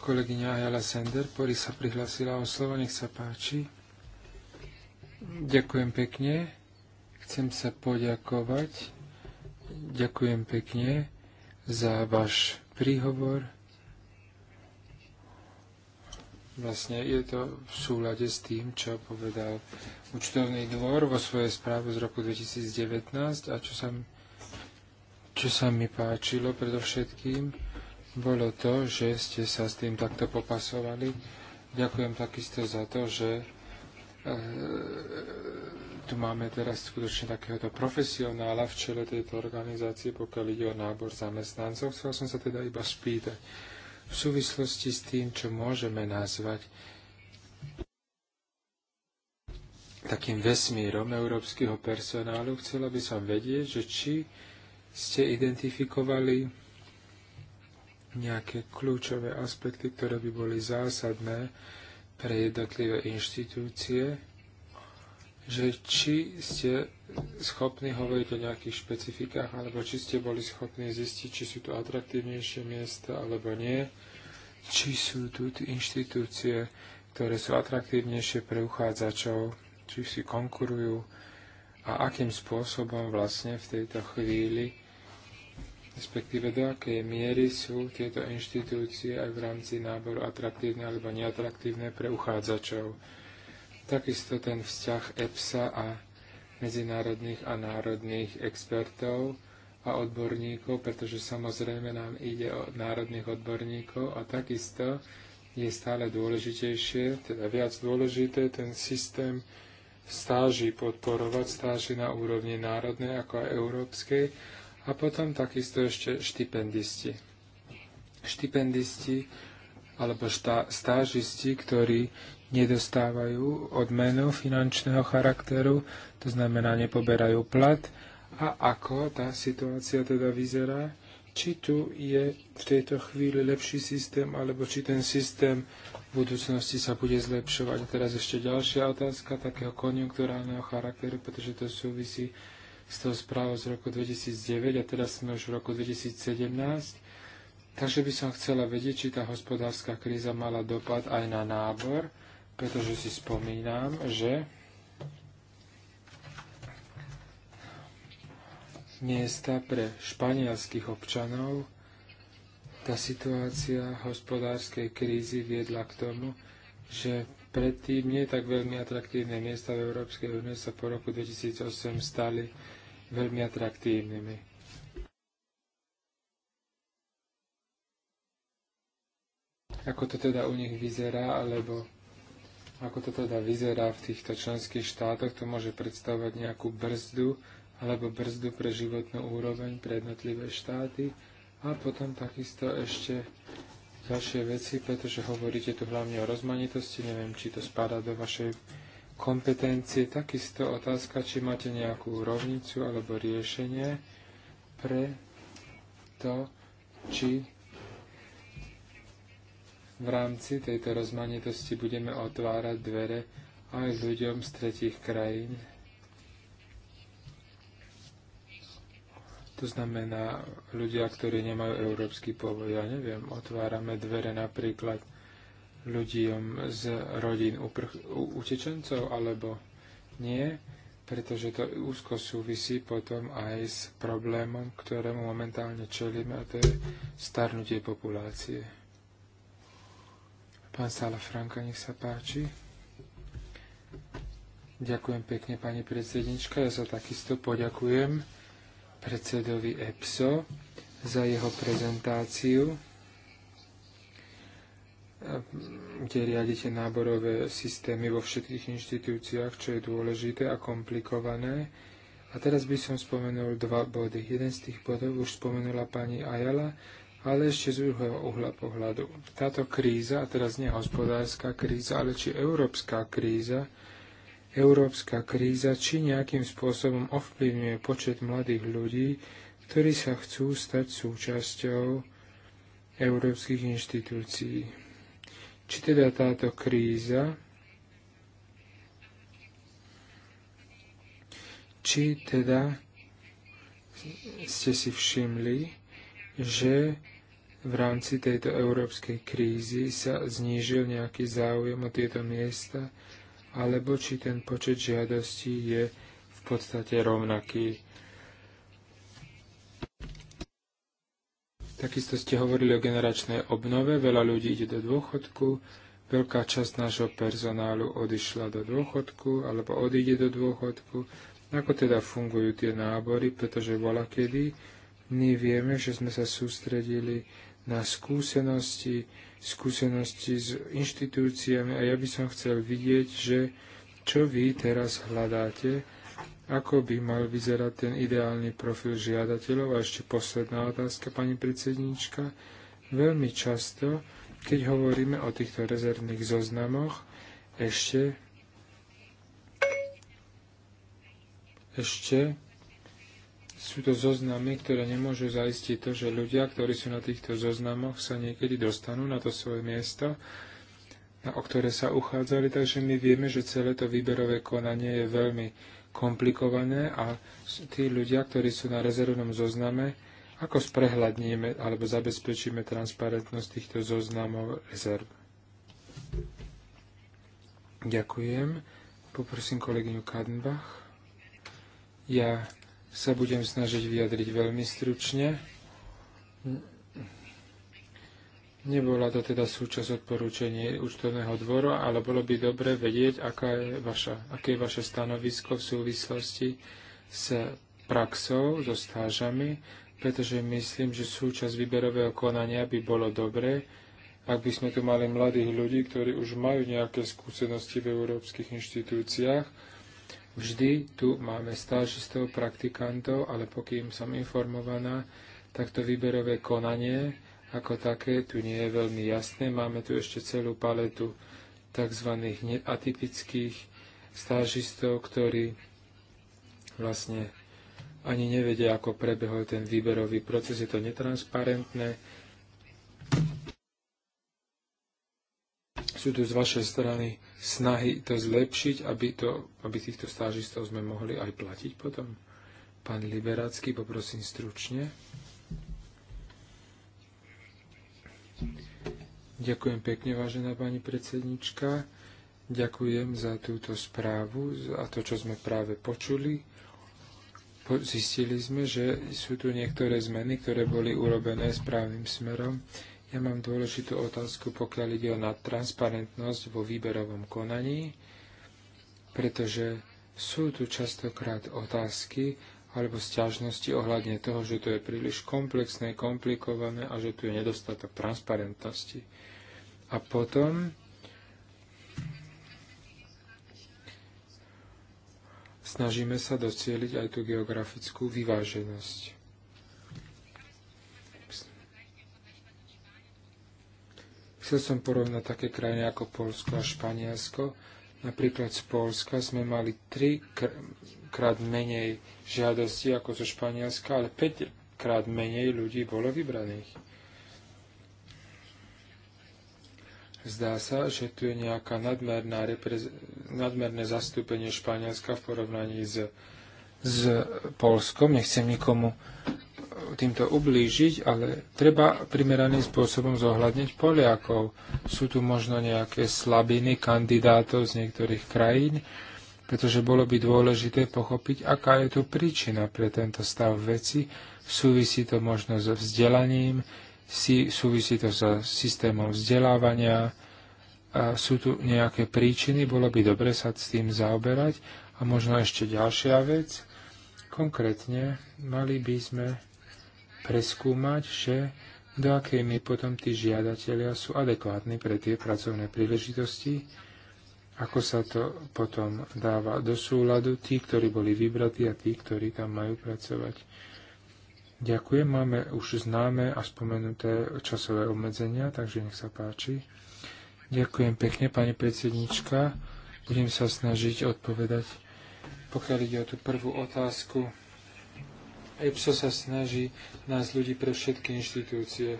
Kolegyňa Ayala Sender, ktorý sa prihlásila o slovo, nech sa páči. Ďakujem pekne. Chcem sa poďakovať. Ďakujem pekne za váš príhovor. Vlastne je to v súlade s tým, čo povedal účtovný dvor vo svojej správe z roku 2019 a čo sa mi čo sa mi páčilo predovšetkým, bolo to, že ste sa s tým takto popasovali. Ďakujem takisto za to, že e, tu máme teraz skutočne takéhoto profesionála v čele tejto organizácie, pokiaľ ide o nábor zamestnancov. Chcel som sa teda iba spýtať v súvislosti s tým, čo môžeme nazvať takým vesmírom európskeho personálu. Chcela by som vedieť, že či ste identifikovali nejaké kľúčové aspekty, ktoré by boli zásadné pre jednotlivé inštitúcie, že či ste schopní hovoriť o nejakých špecifikách, alebo či ste boli schopní zistiť, či sú tu atraktívnejšie miesta, alebo nie, či sú tu inštitúcie, ktoré sú atraktívnejšie pre uchádzačov, či si konkurujú, a akým spôsobom vlastne v tejto chvíli, respektíve do akej miery sú tieto inštitúcie aj v rámci náboru atraktívne alebo neatraktívne pre uchádzačov. Takisto ten vzťah EPSA a medzinárodných a národných expertov a odborníkov, pretože samozrejme nám ide o národných odborníkov a takisto je stále dôležitejšie, teda viac dôležité ten systém stáži podporovať, stáži na úrovni národnej ako aj európskej a potom takisto ešte štipendisti. Štipendisti alebo štá, stážisti, ktorí nedostávajú odmenu finančného charakteru, to znamená nepoberajú plat. A ako tá situácia teda vyzerá? Či tu je v tejto chvíli lepší systém, alebo či ten systém v budúcnosti sa bude zlepšovať. teraz ešte ďalšia otázka takého konjunkturálneho charakteru, pretože to súvisí s tou správou z roku 2009 a teraz sme už v roku 2017. Takže by som chcela vedieť, či tá hospodárska kríza mala dopad aj na nábor, pretože si spomínam, že miesta pre španielských občanov tá situácia hospodárskej krízy viedla k tomu, že predtým nie tak veľmi atraktívne miesta v Európskej únie sa po roku 2008 stali veľmi atraktívnymi. Ako to teda u nich vyzerá, alebo ako to teda vyzerá v týchto členských štátoch, to môže predstavovať nejakú brzdu alebo brzdu pre životnú úroveň pre jednotlivé štáty a potom takisto ešte ďalšie veci, pretože hovoríte tu hlavne o rozmanitosti, neviem, či to spadá do vašej kompetencie. Takisto otázka, či máte nejakú rovnicu alebo riešenie pre to, či v rámci tejto rozmanitosti budeme otvárať dvere aj ľuďom z tretich krajín, To znamená ľudia, ktorí nemajú európsky pôvod. Ja neviem, otvárame dvere napríklad ľuďom z rodín uprch, u, utečencov alebo nie, pretože to úzko súvisí potom aj s problémom, ktorému momentálne čelíme, a to je starnutie populácie. Pán Sala Franka, nech sa páči. Ďakujem pekne, pani predsednička. Ja sa takisto poďakujem predsedovi EPSO za jeho prezentáciu, kde riadite náborové systémy vo všetkých inštitúciách, čo je dôležité a komplikované. A teraz by som spomenul dva body. Jeden z tých bodov už spomenula pani Ajala, ale ešte z druhého uhla pohľadu. Táto kríza, a teraz nie hospodárska kríza, ale či európska kríza, európska kríza či nejakým spôsobom ovplyvňuje počet mladých ľudí, ktorí sa chcú stať súčasťou európskych inštitúcií. Či teda táto kríza, či teda ste si všimli, že v rámci tejto európskej krízy sa znížil nejaký záujem o tieto miesta, alebo či ten počet žiadostí je v podstate rovnaký. Takisto ste hovorili o generačnej obnove, veľa ľudí ide do dôchodku, veľká časť nášho personálu odišla do dôchodku alebo odíde do dôchodku. Ako teda fungujú tie nábory, pretože bola kedy my vieme, že sme sa sústredili na skúsenosti, skúsenosti s inštitúciami a ja by som chcel vidieť, že čo vy teraz hľadáte, ako by mal vyzerať ten ideálny profil žiadateľov. A ešte posledná otázka, pani predsednička. Veľmi často, keď hovoríme o týchto rezervných zoznamoch, ešte ešte sú to zoznamy, ktoré nemôžu zaistiť to, že ľudia, ktorí sú na týchto zoznamoch, sa niekedy dostanú na to svoje miesto, na, o ktoré sa uchádzali, takže my vieme, že celé to výberové konanie je veľmi komplikované a tí ľudia, ktorí sú na rezervnom zozname, ako sprehľadníme alebo zabezpečíme transparentnosť týchto zoznamov rezerv. Ďakujem. Poprosím kolegyňu Kadenbach. Ja sa budem snažiť vyjadriť veľmi stručne. Nebola to teda súčasť odporúčení účtovného dvora, ale bolo by dobre vedieť, aká je vaša, aké je vaše stanovisko v súvislosti s praxou, so stážami, pretože myslím, že súčasť výberového konania by bolo dobré, ak by sme tu mali mladých ľudí, ktorí už majú nejaké skúsenosti v európskych inštitúciách, Vždy tu máme stážistov, praktikantov, ale pokým som informovaná, tak to výberové konanie ako také tu nie je veľmi jasné. Máme tu ešte celú paletu tzv. atypických stážistov, ktorí vlastne ani nevedia, ako prebehol ten výberový proces. Je to netransparentné sú tu z vašej strany snahy to zlepšiť, aby, to, aby týchto stážistov sme mohli aj platiť potom? Pán Liberácky, poprosím stručne. Ďakujem pekne, vážená pani predsednička. Ďakujem za túto správu a to, čo sme práve počuli. Zistili sme, že sú tu niektoré zmeny, ktoré boli urobené správnym smerom. Ja mám dôležitú otázku, pokiaľ ide o transparentnosť vo výberovom konaní, pretože sú tu častokrát otázky alebo stiažnosti ohľadne toho, že to je príliš komplexné, komplikované a že tu je nedostatok transparentnosti. A potom snažíme sa docieliť aj tú geografickú vyváženosť. Chcel som porovnať také krajiny ako Polsko a Španielsko. Napríklad z Polska sme mali 3 krát menej žiadosti ako zo Španielska, ale 5 krát menej ľudí bolo vybraných. Zdá sa, že tu je nejaká nadmerná reprez... nadmerné zastúpenie Španielska v porovnaní s, s Polskom. Nechcem nikomu týmto ublížiť, ale treba primeraným spôsobom zohľadniť Poliakov. Sú tu možno nejaké slabiny kandidátov z niektorých krajín, pretože bolo by dôležité pochopiť, aká je tu príčina pre tento stav veci. Súvisí to možno so vzdelaním, súvisí to so systémom vzdelávania, a sú tu nejaké príčiny, bolo by dobre sa s tým zaoberať. A možno ešte ďalšia vec, konkrétne mali by sme preskúmať, že do akej my potom tí žiadatelia sú adekvátni pre tie pracovné príležitosti, ako sa to potom dáva do súladu, tí, ktorí boli vybratí a tí, ktorí tam majú pracovať. Ďakujem, máme už známe a spomenuté časové obmedzenia, takže nech sa páči. Ďakujem pekne, pani predsednička. Budem sa snažiť odpovedať. Pokiaľ ide o tú prvú otázku, EPSO sa snaží nás ľudí pre všetky inštitúcie.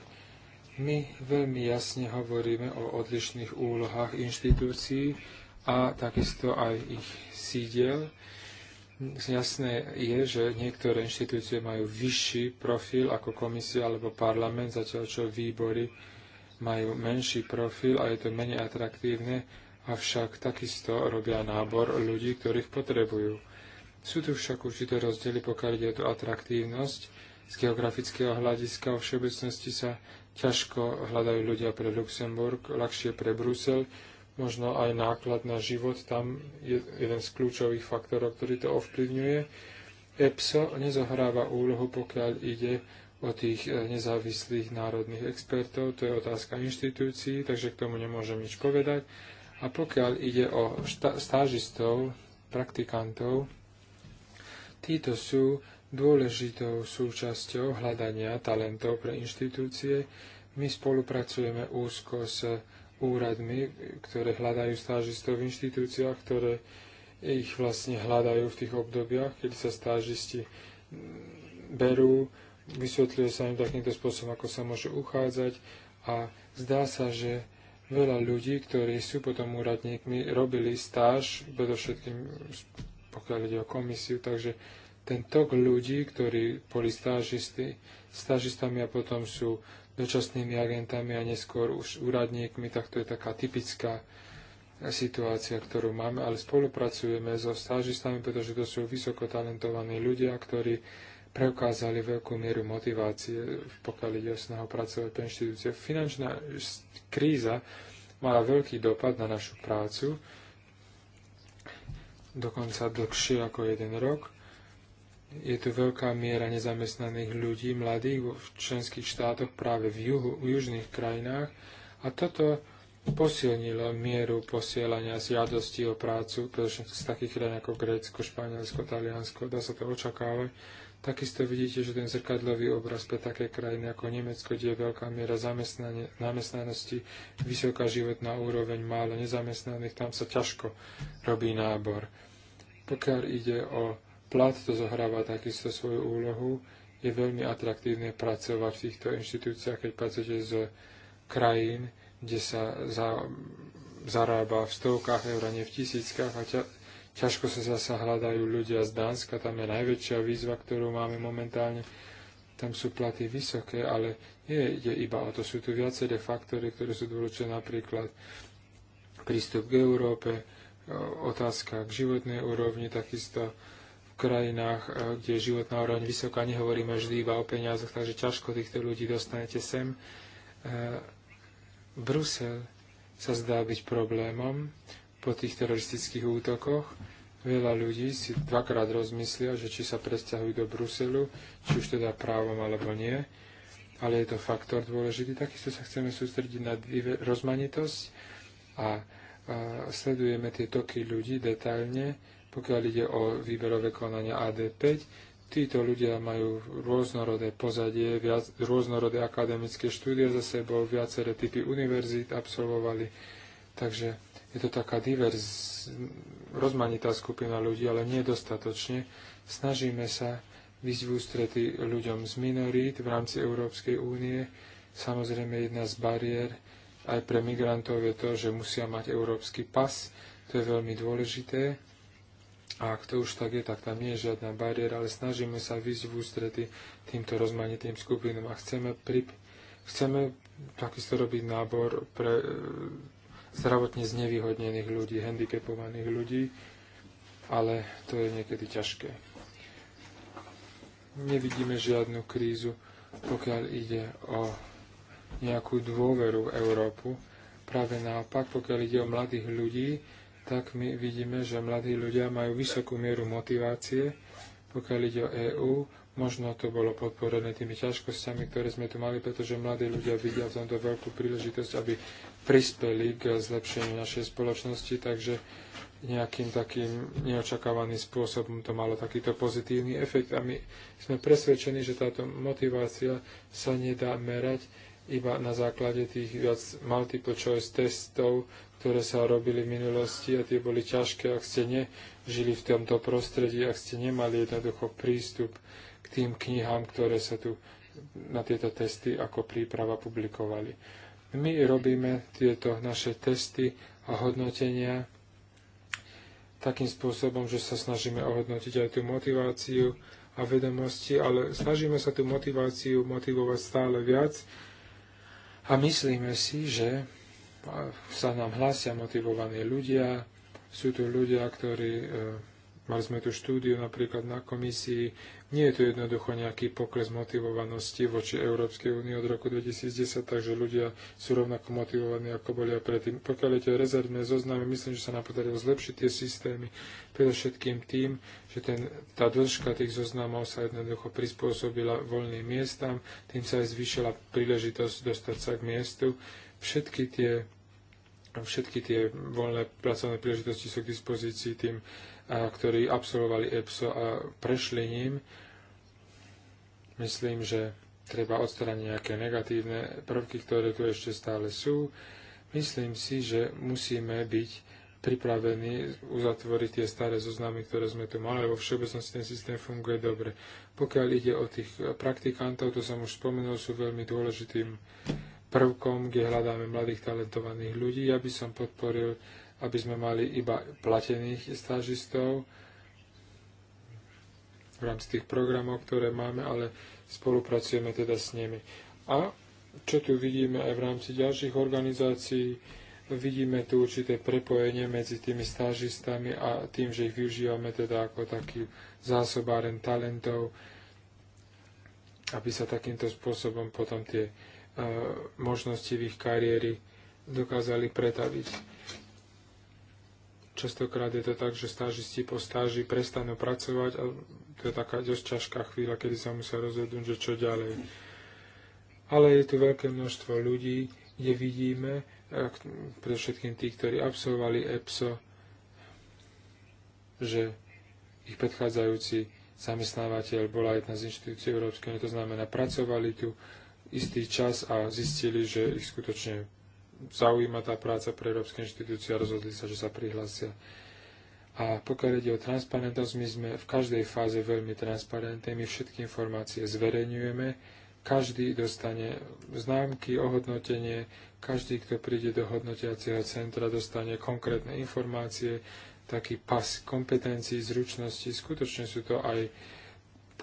My veľmi jasne hovoríme o odlišných úlohách inštitúcií a takisto aj ich sídel. Jasné je, že niektoré inštitúcie majú vyšší profil ako komisia alebo parlament, zatiaľ čo výbory majú menší profil a je to menej atraktívne, avšak takisto robia nábor ľudí, ktorých potrebujú. Sú tu však určité rozdiely, pokiaľ ide o tú atraktívnosť. Z geografického hľadiska o všeobecnosti sa ťažko hľadajú ľudia pre Luxemburg, ľahšie pre Brusel, možno aj náklad na život, tam je jeden z kľúčových faktorov, ktorý to ovplyvňuje. EPSO nezohráva úlohu, pokiaľ ide o tých eh, nezávislých národných expertov, to je otázka inštitúcií, takže k tomu nemôžem nič povedať. A pokiaľ ide o stážistov, praktikantov, Títo sú dôležitou súčasťou hľadania talentov pre inštitúcie. My spolupracujeme úzko s úradmi, ktoré hľadajú stážistov v inštitúciách, ktoré ich vlastne hľadajú v tých obdobiach, keď sa stážisti berú, vysvetľuje sa im takýmto spôsobom, ako sa môžu uchádzať a zdá sa, že veľa ľudí, ktorí sú potom úradníkmi, robili stáž, predovšetkým pokiaľ ide o komisiu. Takže ten tok ľudí, ktorí boli stážisti, stážistami a potom sú dočasnými agentami a neskôr už úradníkmi, tak to je taká typická situácia, ktorú máme, ale spolupracujeme so stážistami, pretože to sú vysoko talentovaní ľudia, ktorí preukázali veľkú mieru motivácie, pokiaľ ide o snahu pracovať pre inštitúcie. Finančná kríza mala veľký dopad na našu prácu, dokonca dlhšie ako jeden rok. Je tu veľká miera nezamestnaných ľudí, mladých v členských štátoch práve v, juhu, v južných krajinách a toto posilnilo mieru posielania žiadostí o prácu, pretože z takých krajín ako Grécko, Španielsko, Taliansko. Dá sa to očakávať, Takisto vidíte, že ten zrkadlový obraz pre také krajiny ako Nemecko, kde je veľká miera zamestnanosti, vysoká životná úroveň, málo nezamestnaných, tam sa ťažko robí nábor. Pokiaľ ide o plat, to zohráva takisto svoju úlohu. Je veľmi atraktívne pracovať v týchto inštitúciách, keď pracujete z krajín, kde sa za, zarába v stovkách eur, nie v tisíckach a ťa, ťažko sa zasa hľadajú ľudia z Dánska, tam je najväčšia výzva, ktorú máme momentálne. Tam sú platy vysoké, ale nie je iba o to. Sú tu viaceré faktory, ktoré sú dôležité, napríklad prístup k Európe, otázka k životnej úrovni, takisto v krajinách, eh, kde je životná úroveň vysoká, nehovoríme vždy iba o peniazoch, takže ťažko týchto ľudí dostanete sem. Eh, Brusel sa zdá byť problémom po tých teroristických útokoch. Veľa ľudí si dvakrát rozmyslia, že či sa presťahujú do Bruselu, či už teda právom alebo nie, ale je to faktor dôležitý. Takisto sa chceme sústrediť na rozmanitosť a, a sledujeme tie toky ľudí detailne, pokiaľ ide o výberové konania AD5. Títo ľudia majú rôznorodé pozadie, viac, rôznorodé akademické štúdie za sebou, viaceré typy univerzít absolvovali, takže je to taká diverz, rozmanitá skupina ľudí, ale nedostatočne. Snažíme sa výsť v ústrety ľuďom z minorít v rámci Európskej únie. Samozrejme, jedna z bariér aj pre migrantov je to, že musia mať európsky pas. To je veľmi dôležité. A ak to už tak je, tak tam nie je žiadna bariéra, ale snažíme sa výsť v ústrety týmto rozmanitým skupinám a chceme, pri, chceme takisto robiť nábor pre zdravotne znevýhodnených ľudí, handicapovaných ľudí, ale to je niekedy ťažké. Nevidíme žiadnu krízu, pokiaľ ide o nejakú dôveru v Európu. Práve naopak, pokiaľ ide o mladých ľudí, tak my vidíme, že mladí ľudia majú vysokú mieru motivácie, pokiaľ ide o EÚ, možno to bolo podporené tými ťažkosťami, ktoré sme tu mali, pretože mladí ľudia vidia v tomto veľkú príležitosť, aby prispeli k zlepšeniu našej spoločnosti, takže nejakým takým neočakávaným spôsobom to malo takýto pozitívny efekt a my sme presvedčení, že táto motivácia sa nedá merať iba na základe tých viac multiple choice testov, ktoré sa robili v minulosti a tie boli ťažké, ak ste nežili v tomto prostredí, ak ste nemali jednoducho prístup k tým knihám, ktoré sa tu na tieto testy ako príprava publikovali. My robíme tieto naše testy a hodnotenia takým spôsobom, že sa snažíme ohodnotiť aj tú motiváciu a vedomosti, ale snažíme sa tú motiváciu motivovať stále viac a myslíme si, že sa nám hlásia motivovaní ľudia, sú tu ľudia, ktorí eh, Mali sme tu štúdiu napríklad na komisii. Nie je to jednoducho nejaký pokles motivovanosti voči Európskej únii od roku 2010, takže ľudia sú rovnako motivovaní, ako boli aj predtým. Pokiaľ je to rezervné zoznamy, myslím, že sa nám podarilo zlepšiť tie systémy, predovšetkým tým, že ten, tá dĺžka tých zoznamov sa jednoducho prispôsobila voľným miestam, tým sa aj zvýšila príležitosť dostať sa k miestu. Všetky tie všetky tie voľné pracovné príležitosti sú k dispozícii tým ktorí absolvovali EPSO a prešli ním. Myslím, že treba odstrániť nejaké negatívne prvky, ktoré tu ešte stále sú. Myslím si, že musíme byť pripravení uzatvoriť tie staré zoznamy, ktoré sme tu mali, lebo všeobecnosti ten systém funguje dobre. Pokiaľ ide o tých praktikantov, to som už spomenul, sú veľmi dôležitým prvkom, kde hľadáme mladých talentovaných ľudí. Ja by som podporil aby sme mali iba platených stážistov v rámci tých programov, ktoré máme, ale spolupracujeme teda s nimi. A čo tu vidíme aj v rámci ďalších organizácií, vidíme tu určité prepojenie medzi tými stážistami a tým, že ich využívame teda ako taký zásobáren talentov, aby sa takýmto spôsobom potom tie e, možnosti v ich kariéry dokázali pretaviť. Častokrát je to tak, že stážisti po stáži prestanú pracovať a to je taká dosť ťažká chvíľa, kedy sa musia rozhodnúť, že čo ďalej. Ale je tu veľké množstvo ľudí, kde vidíme, pre všetkým tí, ktorí absolvovali EPSO, že ich predchádzajúci zamestnávateľ bola jedna z inštitúcií Európskej, to znamená, pracovali tu istý čas a zistili, že ich skutočne zaujíma tá práca pre Európske inštitúcie a rozhodli sa, že sa prihlásia. A pokiaľ ide o transparentnosť, my sme v každej fáze veľmi transparentní, my všetky informácie zverejňujeme, každý dostane známky, ohodnotenie, každý, kto príde do hodnotiaceho centra, dostane konkrétne informácie, taký pas kompetencií, zručností. Skutočne sú to aj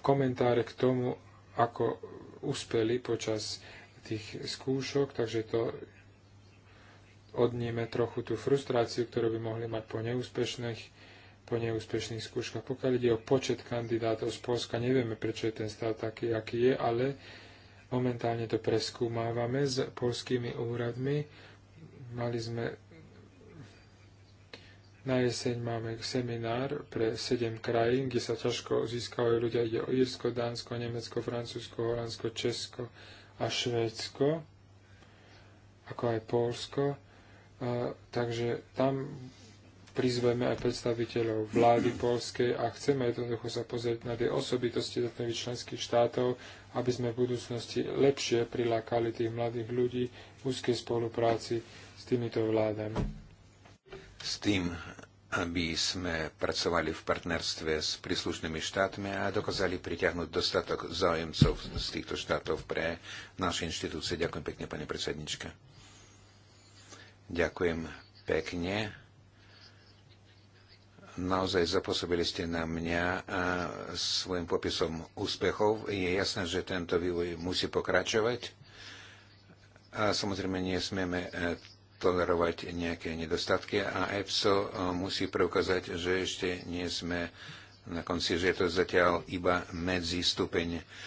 komentáre k tomu, ako uspeli počas tých skúšok, takže to odníme trochu tú frustráciu, ktorú by mohli mať po neúspešných po neúspešných skúškach. Pokiaľ ide o počet kandidátov z Polska, nevieme, prečo je ten stav taký, aký je, ale momentálne to preskúmávame s polskými úradmi. Mali sme na jeseň máme seminár pre 7 krajín, kde sa ťažko získajú ľudia. Ide o Írsko, Dánsko, Nemecko, Francúzsko, Holandsko, Česko a Švédsko, ako aj Polsko takže tam prizveme aj predstaviteľov vlády polskej a chceme jednoducho sa pozrieť na tie osobitosti jednotlivých členských štátov, aby sme v budúcnosti lepšie prilákali tých mladých ľudí v úzkej spolupráci s týmito vládami. S tým, aby sme pracovali v partnerstve s príslušnými štátmi a dokázali pritiahnuť dostatok záujemcov z týchto štátov pre naše inštitúcie. Ďakujem pekne, pani predsednička. Ďakujem pekne. Naozaj zapôsobili ste na mňa e, svojim popisom úspechov. Je jasné, že tento vývoj musí pokračovať. A samozrejme nesmieme e, tolerovať nejaké nedostatky a EPSO e, musí preukázať, že ešte nie sme na konci, že je to zatiaľ iba stupeň.